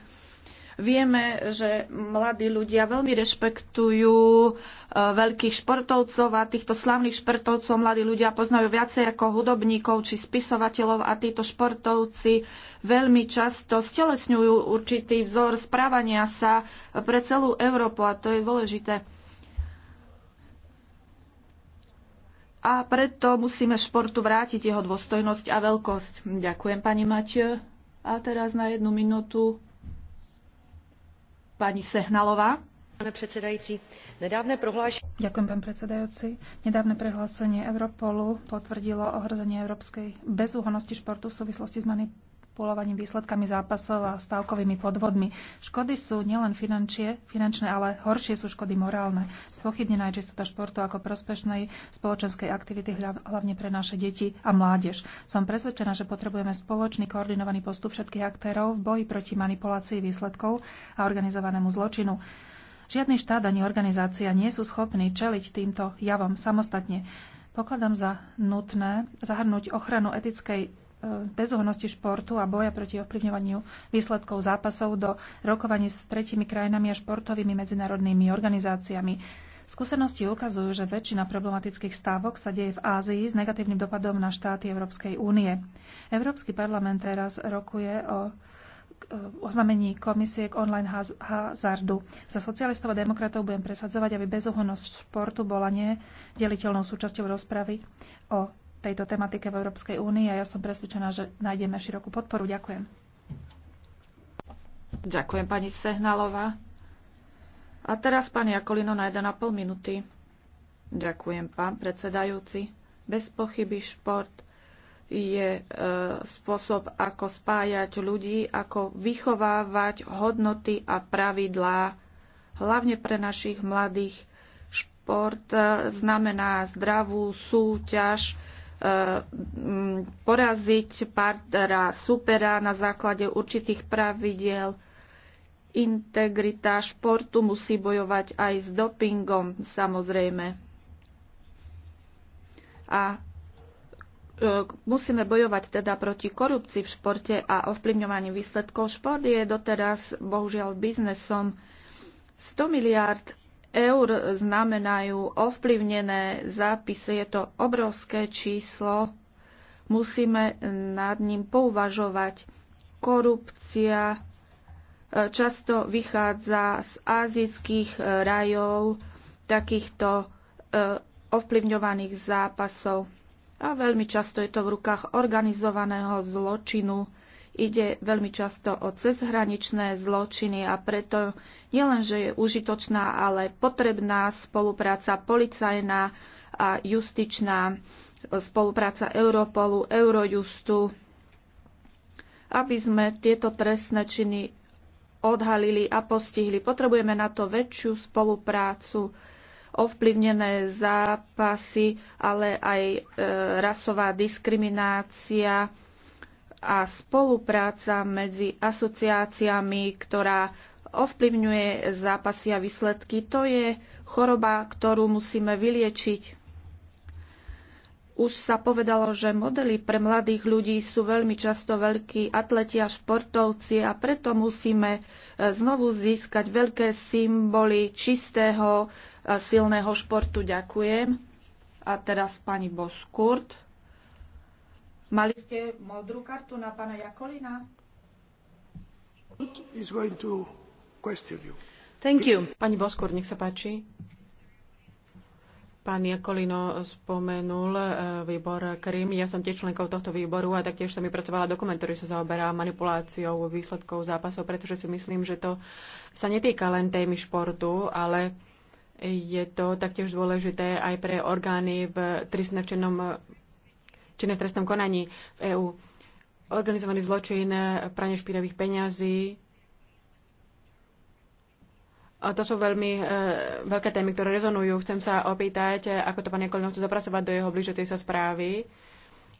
Vieme, že mladí ľudia veľmi rešpektujú e, veľkých športovcov a týchto slavných športovcov mladí ľudia poznajú viacej ako hudobníkov či spisovateľov a títo športovci veľmi často stelesňujú určitý vzor správania sa pre celú Európu a to je dôležité. a preto musíme športu vrátiť jeho dôstojnosť a veľkosť. Ďakujem, pani Matej. A teraz na jednu minútu Pani Sehnalová. Ďakujem, pán predsedajúci. Nedávne prehlásenie Europolu potvrdilo ohrozenie európskej bezúhonosti športu v súvislosti s manipulovaním manipulovaním výsledkami zápasov a stavkovými podvodmi. Škody sú nielen finančie, finančné, ale horšie sú škody morálne. Spochybnená je čistota športu ako prospešnej spoločenskej aktivity, hlavne pre naše deti a mládež. Som presvedčená, že potrebujeme spoločný koordinovaný postup všetkých aktérov v boji proti manipulácii výsledkov a organizovanému zločinu. Žiadny štát ani organizácia nie sú schopní čeliť týmto javom samostatne. Pokladám za nutné zahrnúť ochranu etickej bezohnosti športu a boja proti ovplyvňovaniu výsledkov zápasov do rokovaní s tretimi krajinami a športovými medzinárodnými organizáciami. Skúsenosti ukazujú, že väčšina problematických stávok sa deje v Ázii s negatívnym dopadom na štáty Európskej únie. Európsky parlament teraz rokuje o oznamení komisie k online hazardu. Za socialistov a demokratov budem presadzovať, aby bezúhonnosť športu bola nedeliteľnou súčasťou rozpravy o tejto tematike v Európskej únii a ja som presvedčená, že nájdeme širokú podporu. Ďakujem. Ďakujem pani Sehnalová. A teraz pani Jakolino na 1,5 minúty. Ďakujem pán predsedajúci. Bez pochyby šport je e, spôsob, ako spájať ľudí, ako vychovávať hodnoty a pravidlá, hlavne pre našich mladých šport e, znamená zdravú súťaž, Eh, poraziť partnera, supera na základe určitých pravidiel. Integrita športu musí bojovať aj s dopingom, samozrejme. A eh, musíme bojovať teda proti korupcii v športe a ovplyvňovaní výsledkov. Šport je doteraz bohužiaľ biznesom. 100 miliárd eur znamenajú ovplyvnené zápisy. Je to obrovské číslo. Musíme nad ním pouvažovať. Korupcia e, často vychádza z azijských e, rajov takýchto e, ovplyvňovaných zápasov. A veľmi často je to v rukách organizovaného zločinu, Ide veľmi často o cezhraničné zločiny a preto nielenže je užitočná, ale potrebná spolupráca policajná a justičná, spolupráca Europolu, Eurojustu, aby sme tieto trestné činy odhalili a postihli. Potrebujeme na to väčšiu spoluprácu, ovplyvnené zápasy, ale aj e, rasová diskriminácia, a spolupráca medzi asociáciami, ktorá ovplyvňuje zápasy a výsledky, to je choroba, ktorú musíme vyliečiť. Už sa povedalo, že modely pre mladých ľudí sú veľmi často veľkí atleti a športovci a preto musíme e, znovu získať veľké symboly čistého silného športu. Ďakujem. A teraz pani Boskurt. Mali ste modrú kartu na pána Jakolina? Pani Boskur, nech sa páči. Pán Jakolino spomenul eh, výbor Krym. Ja som tiež členkou tohto výboru a taktiež som vypracovala dokument, ktorý sa zaoberá manipuláciou výsledkov zápasov, pretože si myslím, že to sa netýka len témy športu, ale je to taktiež dôležité aj pre orgány v trestnočinnom činné v trestnom konaní v EÚ. Organizovaný zločin, pranie špinavých peňazí. A to sú veľmi e, veľké témy, ktoré rezonujú. Chcem sa opýtať, ako to pán Jakolino chce zapracovať do jeho blížotej sa správy.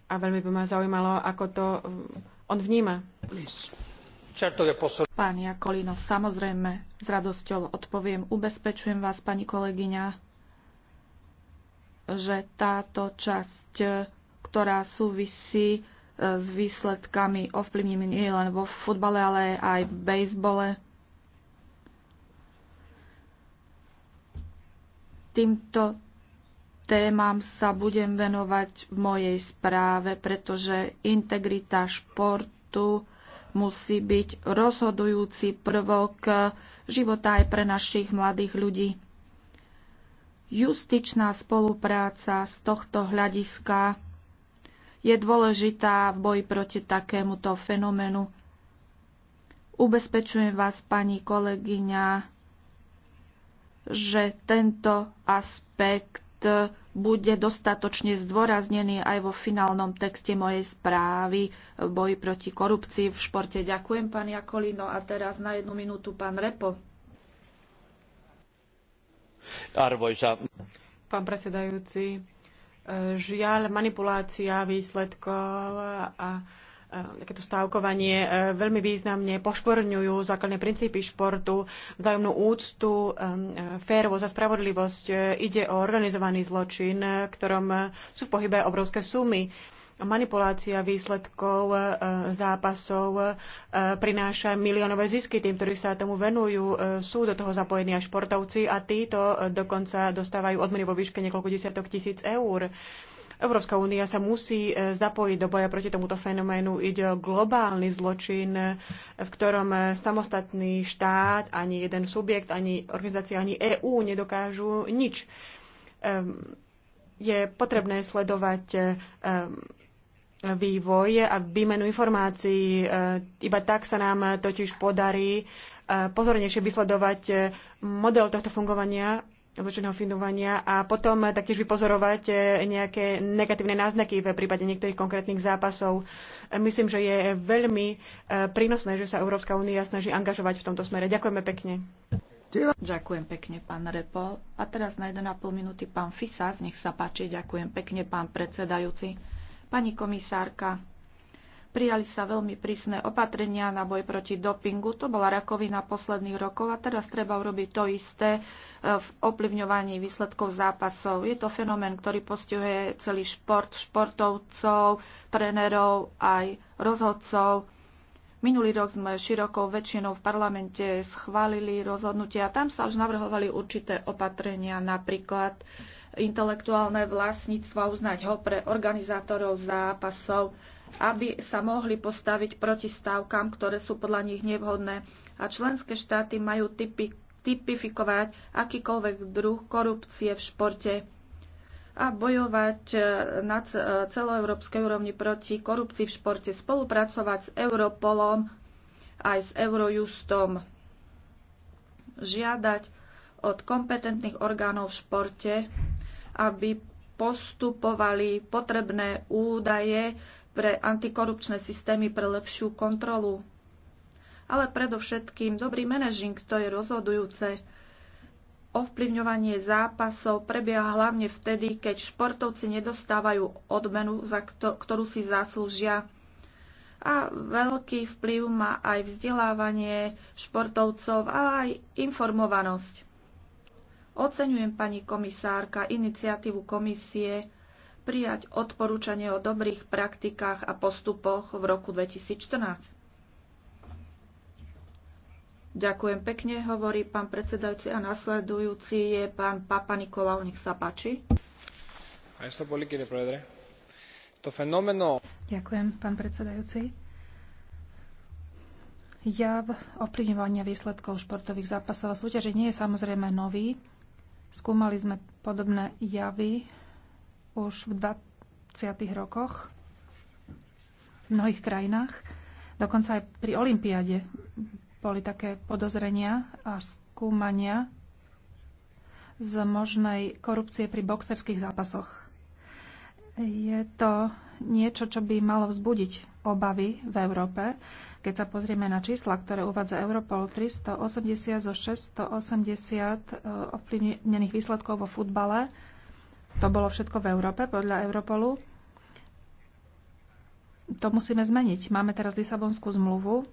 A veľmi by ma zaujímalo, ako to e, on vníma. Please. Pán Jakolino, samozrejme, s radosťou odpoviem. Ubezpečujem vás, pani kolegyňa, že táto časť ktorá súvisí e, s výsledkami ovplyvnými nie len vo futbale, ale aj v bejsbole. Týmto témam sa budem venovať v mojej správe, pretože integrita športu musí byť rozhodujúci prvok života aj pre našich mladých ľudí. Justičná spolupráca z tohto hľadiska je dôležitá v boji proti takémuto fenoménu. Ubezpečujem vás, pani kolegyňa, že tento aspekt bude dostatočne zdôraznený aj vo finálnom texte mojej správy v boji proti korupcii v športe. Ďakujem, pani Jakolino. A teraz na jednu minútu pán Repo. Arvojša. Pán predsedajúci, Žiaľ, manipulácia výsledkov a takéto stávkovanie e, veľmi významne poškvrňujú základné princípy športu, vzájomnú úctu, e, férovosť a spravodlivosť. E, ide o organizovaný zločin, ktorom sú v pohybe obrovské sumy manipulácia výsledkov e, zápasov e, prináša miliónové zisky tým, ktorí sa tomu venujú. E, sú do toho zapojení aj športovci a títo dokonca dostávajú odmeny vo výške niekoľko desiatok tisíc eur. Európska únia sa musí zapojiť do boja proti tomuto fenoménu. Ide o globálny zločin, v ktorom samostatný štát, ani jeden subjekt, ani organizácia, ani EÚ nedokážu nič. Ehm, je potrebné sledovať ehm, vývoj a výmenu informácií. E, iba tak sa nám totiž podarí e, pozornejšie vysledovať e, model tohto fungovania zločinného finovania a potom taktiež vypozorovať nejaké negatívne náznaky v prípade niektorých konkrétnych zápasov. Myslím, že je veľmi prínosné, že sa Európska únia snaží angažovať v tomto smere. Ďakujeme pekne. Ďakujem pekne, pán Repol. A teraz na 1,5 minúty pán FISA, Nech sa páči. Ďakujem pekne, pán predsedajúci. Pani komisárka, prijali sa veľmi prísne opatrenia na boj proti dopingu. To bola rakovina posledných rokov a teraz treba urobiť to isté e, v ovplyvňovaní výsledkov zápasov. Je to fenomén, ktorý postihuje celý šport, športovcov, trénerov, aj rozhodcov Minulý rok sme širokou väčšinou v parlamente schválili rozhodnutia a tam sa už navrhovali určité opatrenia, napríklad intelektuálne vlastníctvo uznať ho pre organizátorov zápasov, aby sa mohli postaviť proti stavkám, ktoré sú podľa nich nevhodné. A členské štáty majú typy, typifikovať akýkoľvek druh korupcie v športe a bojovať e, na e, celoeurópskej úrovni proti korupcii v športe, spolupracovať s Europolom aj s Eurojustom, žiadať od kompetentných orgánov v športe, aby postupovali potrebné údaje pre antikorupčné systémy pre lepšiu kontrolu. Ale predovšetkým dobrý manažing, to je rozhodujúce Ovplyvňovanie zápasov prebieha hlavne vtedy, keď športovci nedostávajú odmenu, za ktorú si zaslúžia. A veľký vplyv má aj vzdelávanie športovcov, ale aj informovanosť. Oceňujem pani komisárka iniciatívu komisie prijať odporúčanie o dobrých praktikách a postupoch v roku 2014. Ďakujem pekne, hovorí pán predsedajúci a nasledujúci je pán Papa Nikolau, nech sa páči. Ďakujem, pán predsedajúci. Jav ovplyvňovania výsledkov športových zápasov a súťaží nie je samozrejme nový. Skúmali sme podobné javy už v 20. rokoch v mnohých krajinách. Dokonca aj pri Olympiade boli také podozrenia a skúmania z možnej korupcie pri boxerských zápasoch. Je to niečo, čo by malo vzbudiť obavy v Európe. Keď sa pozrieme na čísla, ktoré uvádza Europol, 380 zo 680 e, ovplyvnených výsledkov vo futbale, to bolo všetko v Európe podľa Europolu. To musíme zmeniť. Máme teraz Lisabonskú zmluvu,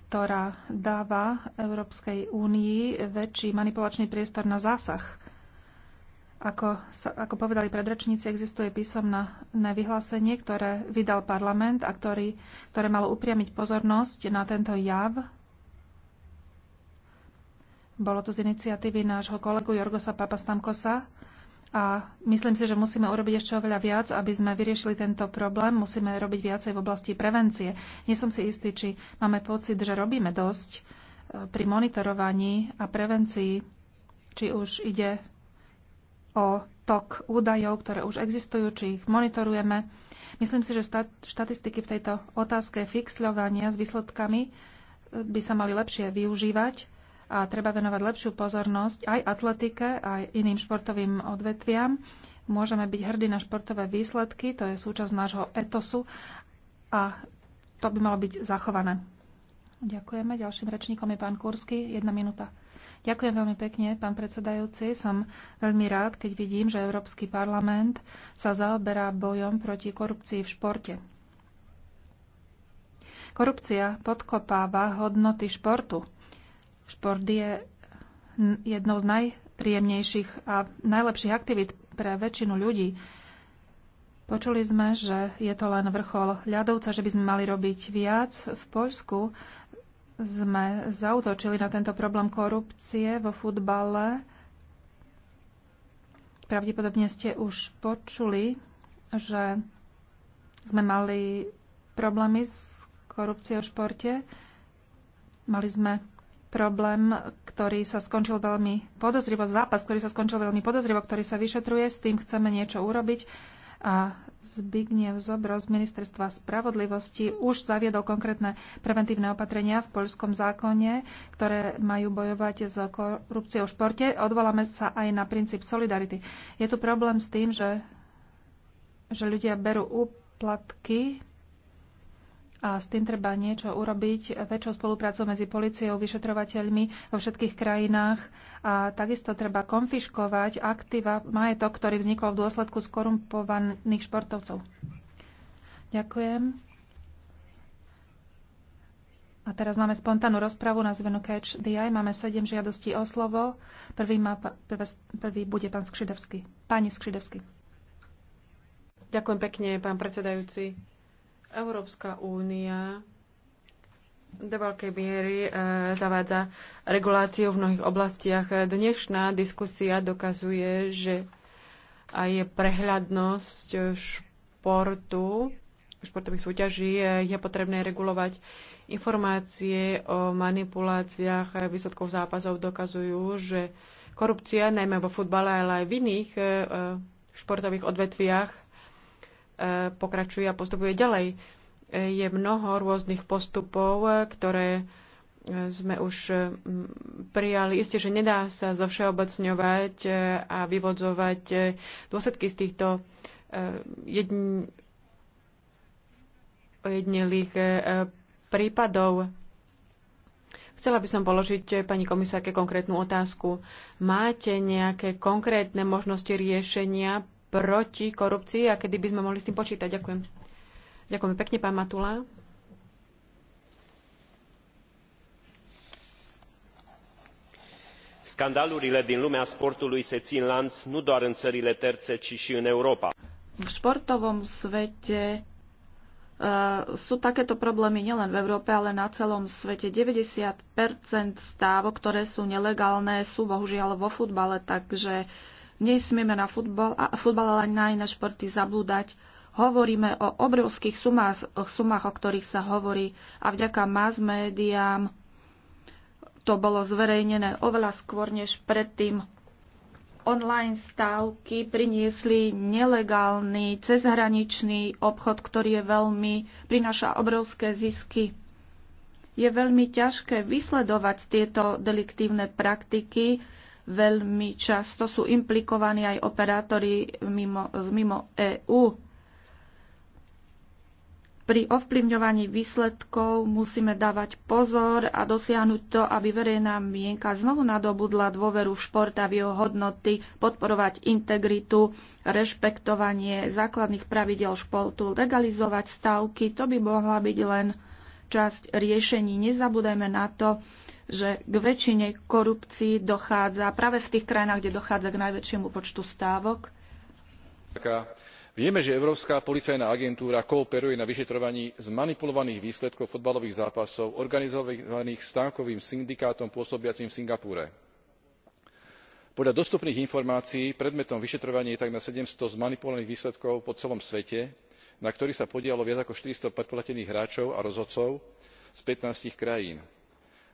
ktorá dáva Európskej únii väčší manipulačný priestor na zásah. Ako, sa, ako povedali predrečníci, existuje písomné vyhlásenie, ktoré vydal parlament a ktorý, ktoré malo upriamiť pozornosť na tento jav. Bolo to z iniciatívy nášho kolegu Jorgosa Papastamkosa a myslím si, že musíme urobiť ešte oveľa viac, aby sme vyriešili tento problém. Musíme robiť viacej v oblasti prevencie. Nie som si istý, či máme pocit, že robíme dosť e, pri monitorovaní a prevencii, či už ide o tok údajov, ktoré už existujú, či ich monitorujeme. Myslím si, že štatistiky v tejto otázke fixľovania s výsledkami e, by sa mali lepšie využívať a treba venovať lepšiu pozornosť aj atletike, aj iným športovým odvetviam. Môžeme byť hrdí na športové výsledky, to je súčasť nášho etosu a to by malo byť zachované. Ďakujeme. Ďalším rečníkom je pán Kursky. Jedna minúta. Ďakujem veľmi pekne, pán predsedajúci. Som veľmi rád, keď vidím, že Európsky parlament sa zaoberá bojom proti korupcii v športe. Korupcia podkopáva hodnoty športu Šport je jednou z najpríjemnejších a najlepších aktivít pre väčšinu ľudí. Počuli sme, že je to len vrchol ľadovca, že by sme mali robiť viac. V Poľsku sme zautočili na tento problém korupcie vo futbale. Pravdepodobne ste už počuli, že sme mali problémy s korupciou v športe. Mali sme problém, ktorý sa skončil veľmi podozrivo, zápas, ktorý sa skončil veľmi podozrivo, ktorý sa vyšetruje, s tým chceme niečo urobiť. A Zbigniew Zobro z Ministerstva spravodlivosti už zaviedol konkrétne preventívne opatrenia v poľskom zákone, ktoré majú bojovať s korupciou v športe. Odvoláme sa aj na princíp solidarity. Je tu problém s tým, že, že ľudia berú úplatky a s tým treba niečo urobiť, väčšou spoluprácou medzi policiou, vyšetrovateľmi vo všetkých krajinách a takisto treba konfiškovať aktíva majetok, ktorý vznikol v dôsledku skorumpovaných športovcov. Ďakujem. A teraz máme spontánnu rozpravu zvenu Catch the Eye. Máme sedem žiadostí o slovo. Prvý, má, prvý, prvý bude pán Skřidevský. Pani Skřidevský. Ďakujem pekne, pán predsedajúci. Európska únia do veľkej miery e, zavádza reguláciu v mnohých oblastiach. Dnešná diskusia dokazuje, že aj prehľadnosť športu, športových súťaží e, je potrebné regulovať. Informácie o manipuláciách výsledkov zápasov dokazujú, že korupcia, najmä vo futbale, ale aj v iných e, e, športových odvetviach, E, pokračuje a postupuje ďalej. E, je mnoho rôznych postupov, e, ktoré sme už prijali. Isté, že nedá sa zovšeobecňovať a vyvodzovať dôsledky z týchto jedn... jednelých prípadov. Chcela by som položiť pani komisárke konkrétnu otázku. Máte nejaké konkrétne možnosti riešenia proti korupcii a kedy by sme mohli s tým počítať. Ďakujem. Ďakujem pekne, pán Matula. Skandalurile din lumea sportului se țin lanț nu doar în țările terțe, ci și în Europa. V športovom svete uh, sú takéto problémy nielen v Európe, ale na celom svete. 90% stávok, ktoré sú nelegálne, sú bohužiaľ vo futbale, takže uh, Nesmieme na futbal, a futbal ale na iné športy zabúdať. Hovoríme o obrovských sumách, o sumách, o ktorých sa hovorí a vďaka mass médiám to bolo zverejnené oveľa skôr než predtým. Online stávky priniesli nelegálny cezhraničný obchod, ktorý je veľmi, prináša obrovské zisky je veľmi ťažké vysledovať tieto deliktívne praktiky veľmi často sú implikovaní aj operátori mimo, z mimo EÚ. Pri ovplyvňovaní výsledkov musíme dávať pozor a dosiahnuť to, aby verejná mienka znovu nadobudla dôveru v šport a v jeho hodnoty, podporovať integritu, rešpektovanie základných pravidel športu, legalizovať stavky. To by mohla byť len časť riešení. Nezabúdajme na to, že k väčšine korupcii dochádza práve v tých krajinách, kde dochádza k najväčšiemu počtu stávok. Vieme, že Európska policajná agentúra kooperuje na vyšetrovaní zmanipulovaných výsledkov fotbalových zápasov organizovaných stánkovým syndikátom pôsobiacim v Singapúre. Podľa dostupných informácií predmetom vyšetrovania je takmer 700 zmanipulovaných výsledkov po celom svete, na ktorých sa podialo viac ako 400 predplatených hráčov a rozhodcov z 15 krajín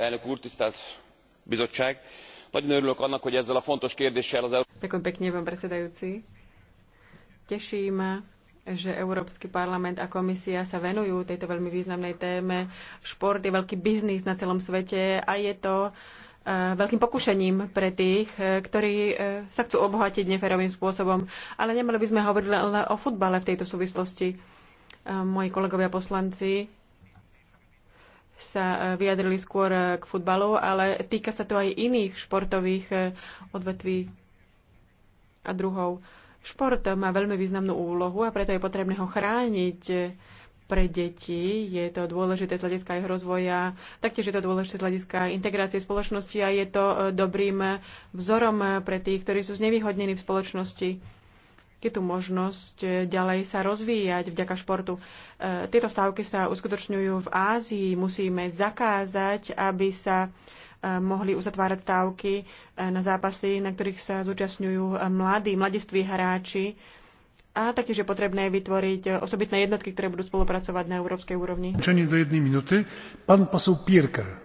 elnök úr tisztelt bizottság! nagyon örülök annak hogy ezzel a fontos kérdéssel az. ďakujem pekne pán predsedajúci teší ma že Európsky parlament a komisia sa venujú tejto veľmi významnej téme. Šport je veľký biznis na celom svete a je to eh, veľkým pokušením pre tých, eh, ktorí eh, sa chcú obohatiť neférovým spôsobom. Ale nemali by sme hovoriť len o futbale v tejto súvislosti. Moji kolegovia poslanci sa e, vyjadrili skôr e, k futbalu, ale týka sa to aj iných športových e, odvetví a druhov. Šport má veľmi významnú úlohu a preto je potrebné ho chrániť pre deti. Je to dôležité z hľadiska ich rozvoja, taktiež je to dôležité z hľadiska integrácie spoločnosti a je to dobrým vzorom pre tých, ktorí sú znevýhodnení v spoločnosti je tu možnosť e, ďalej sa rozvíjať vďaka športu. E, tieto stávky sa uskutočňujú v Ázii. Musíme zakázať, aby sa e, mohli uzatvárať stávky na zápasy, na ktorých sa zúčastňujú mladí, mladiství hráči. A taktiež je potrebné vytvoriť osobitné jednotky, ktoré budú spolupracovať na európskej úrovni. Čenie do jednej minúty. Pán pasov Pirker.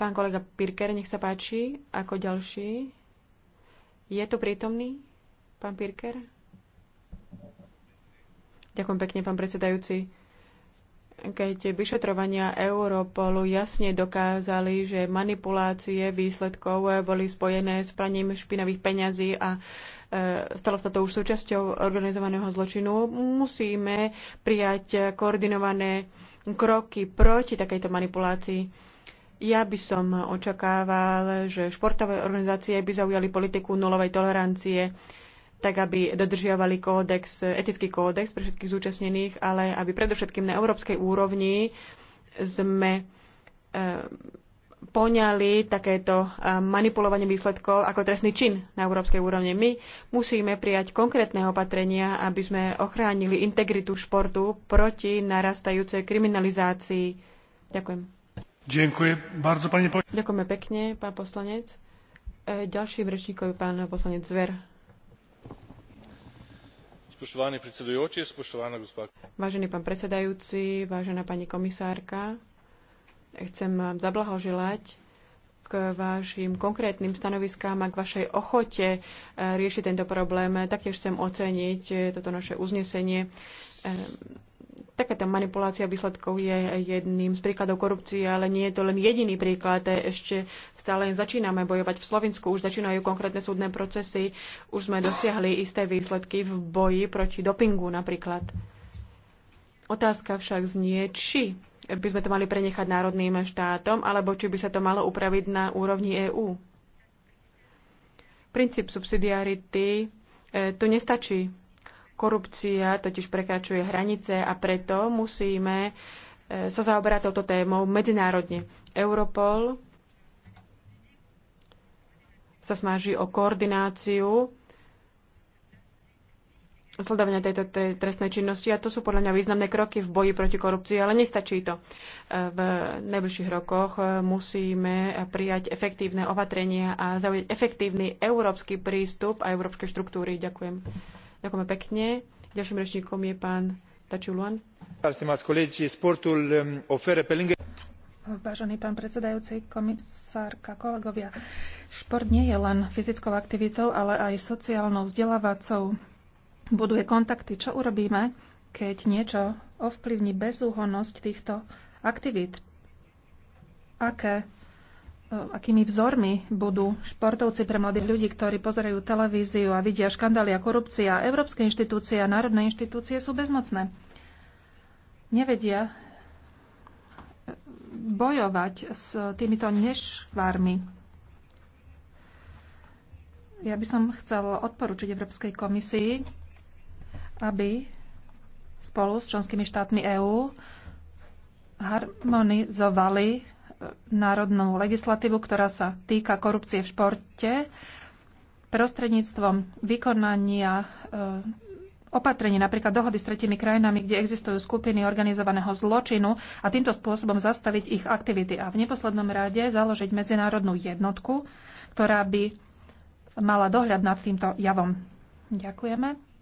Pán kolega Pirker, nech sa páči. Ako ďalší? Je tu prítomný pán Pirker? Ďakujem pekne, pán predsedajúci. Keď vyšetrovania Europolu jasne dokázali, že manipulácie výsledkov boli spojené s praním špinavých peňazí a e, stalo sa to už súčasťou organizovaného zločinu, musíme prijať koordinované kroky proti takejto manipulácii. Ja by som očakával, že športové organizácie by zaujali politiku nulovej tolerancie tak aby dodržiavali kódex, etický kódex pre všetkých zúčastnených, ale aby predovšetkým na európskej úrovni sme e, poňali takéto e, manipulovanie výsledkov ako trestný čin na európskej úrovni. My musíme prijať konkrétne opatrenia, aby sme ochránili integritu športu proti narastajúcej kriminalizácii. Ďakujem. Ďakujem. Bardzo, pani... Ďakujeme pekne, pán poslanec. E, ďalším rečníkom je pán poslanec Zver gospa. Vážený pán predsedajúci, vážená pani komisárka, chcem vám zablahoželať k vašim konkrétnym stanoviskám a k vašej ochote eh, riešiť tento problém. Taktiež chcem oceniť eh, toto naše uznesenie ehm, Takáto manipulácia výsledkov je jedným z príkladov korupcie, ale nie je to len jediný príklad. Ešte stále začíname bojovať v Slovensku, už začínajú konkrétne súdne procesy, už sme dosiahli isté výsledky v boji proti dopingu napríklad. Otázka však znie, či by sme to mali prenechať národným štátom, alebo či by sa to malo upraviť na úrovni EÚ. Princíp subsidiarity e, tu nestačí Korupcia totiž prekračuje hranice a preto musíme e, sa zaoberať touto témou medzinárodne. Europol sa snaží o koordináciu sledovania tejto trestnej činnosti a to sú podľa mňa významné kroky v boji proti korupcii, ale nestačí to. E, v najbližších rokoch e, musíme prijať efektívne opatrenia a zaujať efektívny európsky prístup a európske štruktúry. Ďakujem. Ďakujeme pekne. Ďalším rečníkom je pán Luan. Um, Vážený pán predsedajúci, komisárka, kolegovia, šport nie je len fyzickou aktivitou, ale aj sociálnou, vzdelávacou. Buduje kontakty. Čo urobíme, keď niečo ovplyvní bezúhonnosť týchto aktivít? Aké akými vzormi budú športovci pre mladých ľudí, ktorí pozerajú televíziu a vidia škandály a korupcia. Európske inštitúcie a národné inštitúcie sú bezmocné. Nevedia e, bojovať s týmito nešvármi. Ja by som chcel odporučiť Európskej komisii, aby spolu s členskými štátmi EÚ harmonizovali národnú legislatívu, ktorá sa týka korupcie v športe prostredníctvom vykonania e, opatrení, napríklad dohody s tretimi krajinami, kde existujú skupiny organizovaného zločinu a týmto spôsobom zastaviť ich aktivity a v neposlednom rade založiť medzinárodnú jednotku, ktorá by mala dohľad nad týmto javom. Ďakujeme.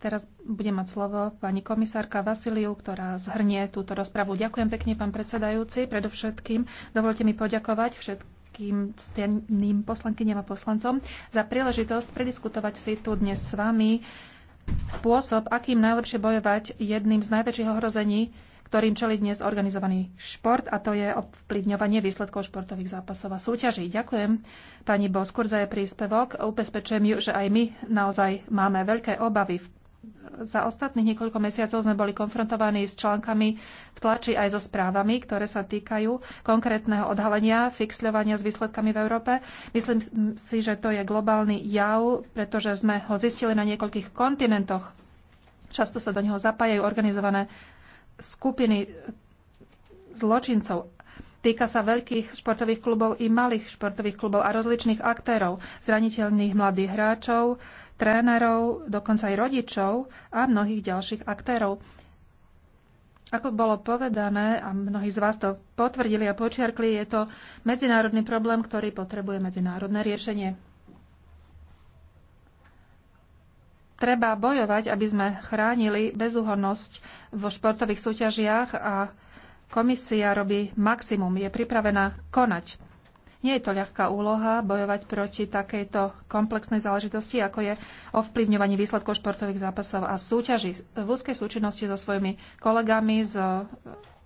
Teraz bude mať slovo pani komisárka Vasiliu, ktorá zhrnie túto rozpravu. Ďakujem pekne, pán predsedajúci. Predovšetkým dovolte mi poďakovať všetkým cteným poslankyniam a poslancom za príležitosť prediskutovať si tu dnes s vami spôsob, akým najlepšie bojovať jedným z najväčších ohrození, ktorým čeli dnes organizovaný šport, a to je ovplyvňovanie výsledkov športových zápasov a súťaží. Ďakujem pani Boskur za jej príspevok. Upezpečujem ju, že aj my naozaj máme veľké obavy v za ostatných niekoľko mesiacov sme boli konfrontovaní s článkami v tlači aj so správami, ktoré sa týkajú konkrétneho odhalenia, fixľovania s výsledkami v Európe. Myslím si, že to je globálny jav, pretože sme ho zistili na niekoľkých kontinentoch. Často sa do neho zapájajú organizované skupiny zločincov. Týka sa veľkých športových klubov i malých športových klubov a rozličných aktérov, zraniteľných mladých hráčov, trénerov, dokonca aj rodičov a mnohých ďalších aktérov. Ako bolo povedané, a mnohí z vás to potvrdili a počiarkli, je to medzinárodný problém, ktorý potrebuje medzinárodné riešenie. Treba bojovať, aby sme chránili bezúhonnosť vo športových súťažiach a komisia robí maximum, je pripravená konať. Nie je to ľahká úloha bojovať proti takejto komplexnej záležitosti, ako je ovplyvňovanie výsledkov športových zápasov a súťaží. V úzkej súčinnosti so svojimi kolegami z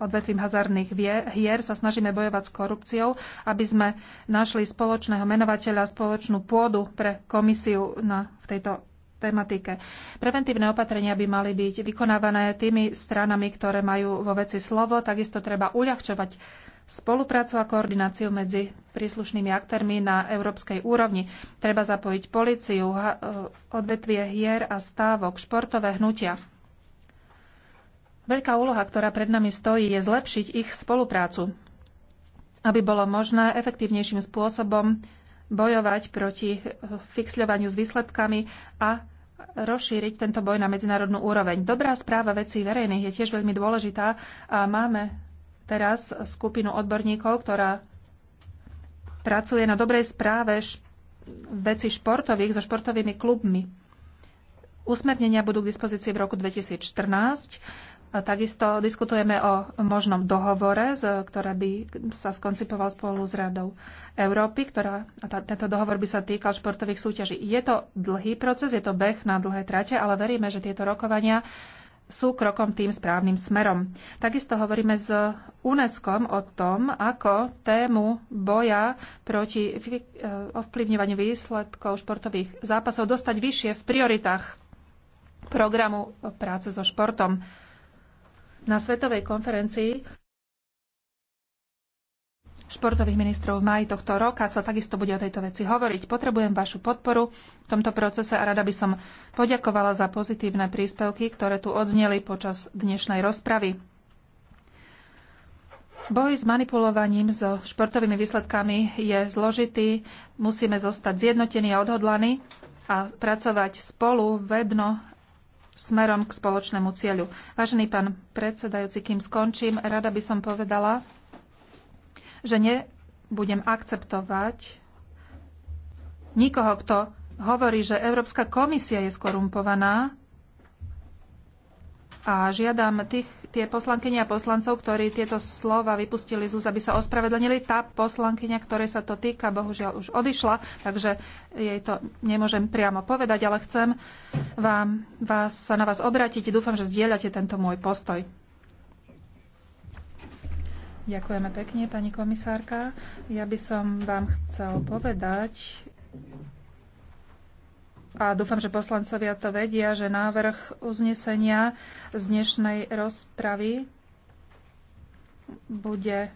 odvetvím hazardných hier sa snažíme bojovať s korupciou, aby sme našli spoločného menovateľa, spoločnú pôdu pre komisiu na, v tejto tematike. Preventívne opatrenia by mali byť vykonávané tými stranami, ktoré majú vo veci slovo. Takisto treba uľahčovať spoluprácu a koordináciu medzi príslušnými aktérmi na európskej úrovni. Treba zapojiť policiu, odvetvie hier a stávok, športové hnutia. Veľká úloha, ktorá pred nami stojí, je zlepšiť ich spoluprácu, aby bolo možné efektívnejším spôsobom bojovať proti eh, fixľovaniu s výsledkami a rozšíriť tento boj na medzinárodnú úroveň. Dobrá správa vecí verejných je tiež veľmi dôležitá a máme teraz skupinu odborníkov, ktorá pracuje na dobrej správe veci športových so športovými klubmi. Usmernenia budú k dispozícii v roku 2014. Takisto diskutujeme o možnom dohovore, ktoré by sa skoncipoval spolu s Radou Európy, ktorá, a tá, tento dohovor by sa týkal športových súťaží. Je to dlhý proces, je to beh na dlhé trate, ale veríme, že tieto rokovania sú krokom tým správnym smerom. Takisto hovoríme s UNESCO o tom, ako tému boja proti e, ovplyvňovaniu výsledkov športových zápasov dostať vyššie v prioritách programu práce so športom. Na svetovej konferencii športových ministrov v maji tohto roka sa takisto bude o tejto veci hovoriť. Potrebujem vašu podporu v tomto procese a rada by som poďakovala za pozitívne príspevky, ktoré tu odzneli počas dnešnej rozpravy. Boj s manipulovaním so športovými výsledkami je zložitý. Musíme zostať zjednotení a odhodlaní a pracovať spolu vedno smerom k spoločnému cieľu. Vážený pán predsedajúci, kým skončím, rada by som povedala, že nebudem akceptovať nikoho, kto hovorí, že Európska komisia je skorumpovaná a žiadam tých, tie poslankyne a poslancov, ktorí tieto slova vypustili z aby sa ospravedlnili. Tá poslankyňa, ktorej sa to týka, bohužiaľ už odišla, takže jej to nemôžem priamo povedať, ale chcem vám, vás, sa na vás obrátiť. Dúfam, že zdieľate tento môj postoj. Ďakujeme pekne, pani komisárka. Ja by som vám chcel povedať, a dúfam, že poslancovia to vedia, že návrh uznesenia z dnešnej rozpravy bude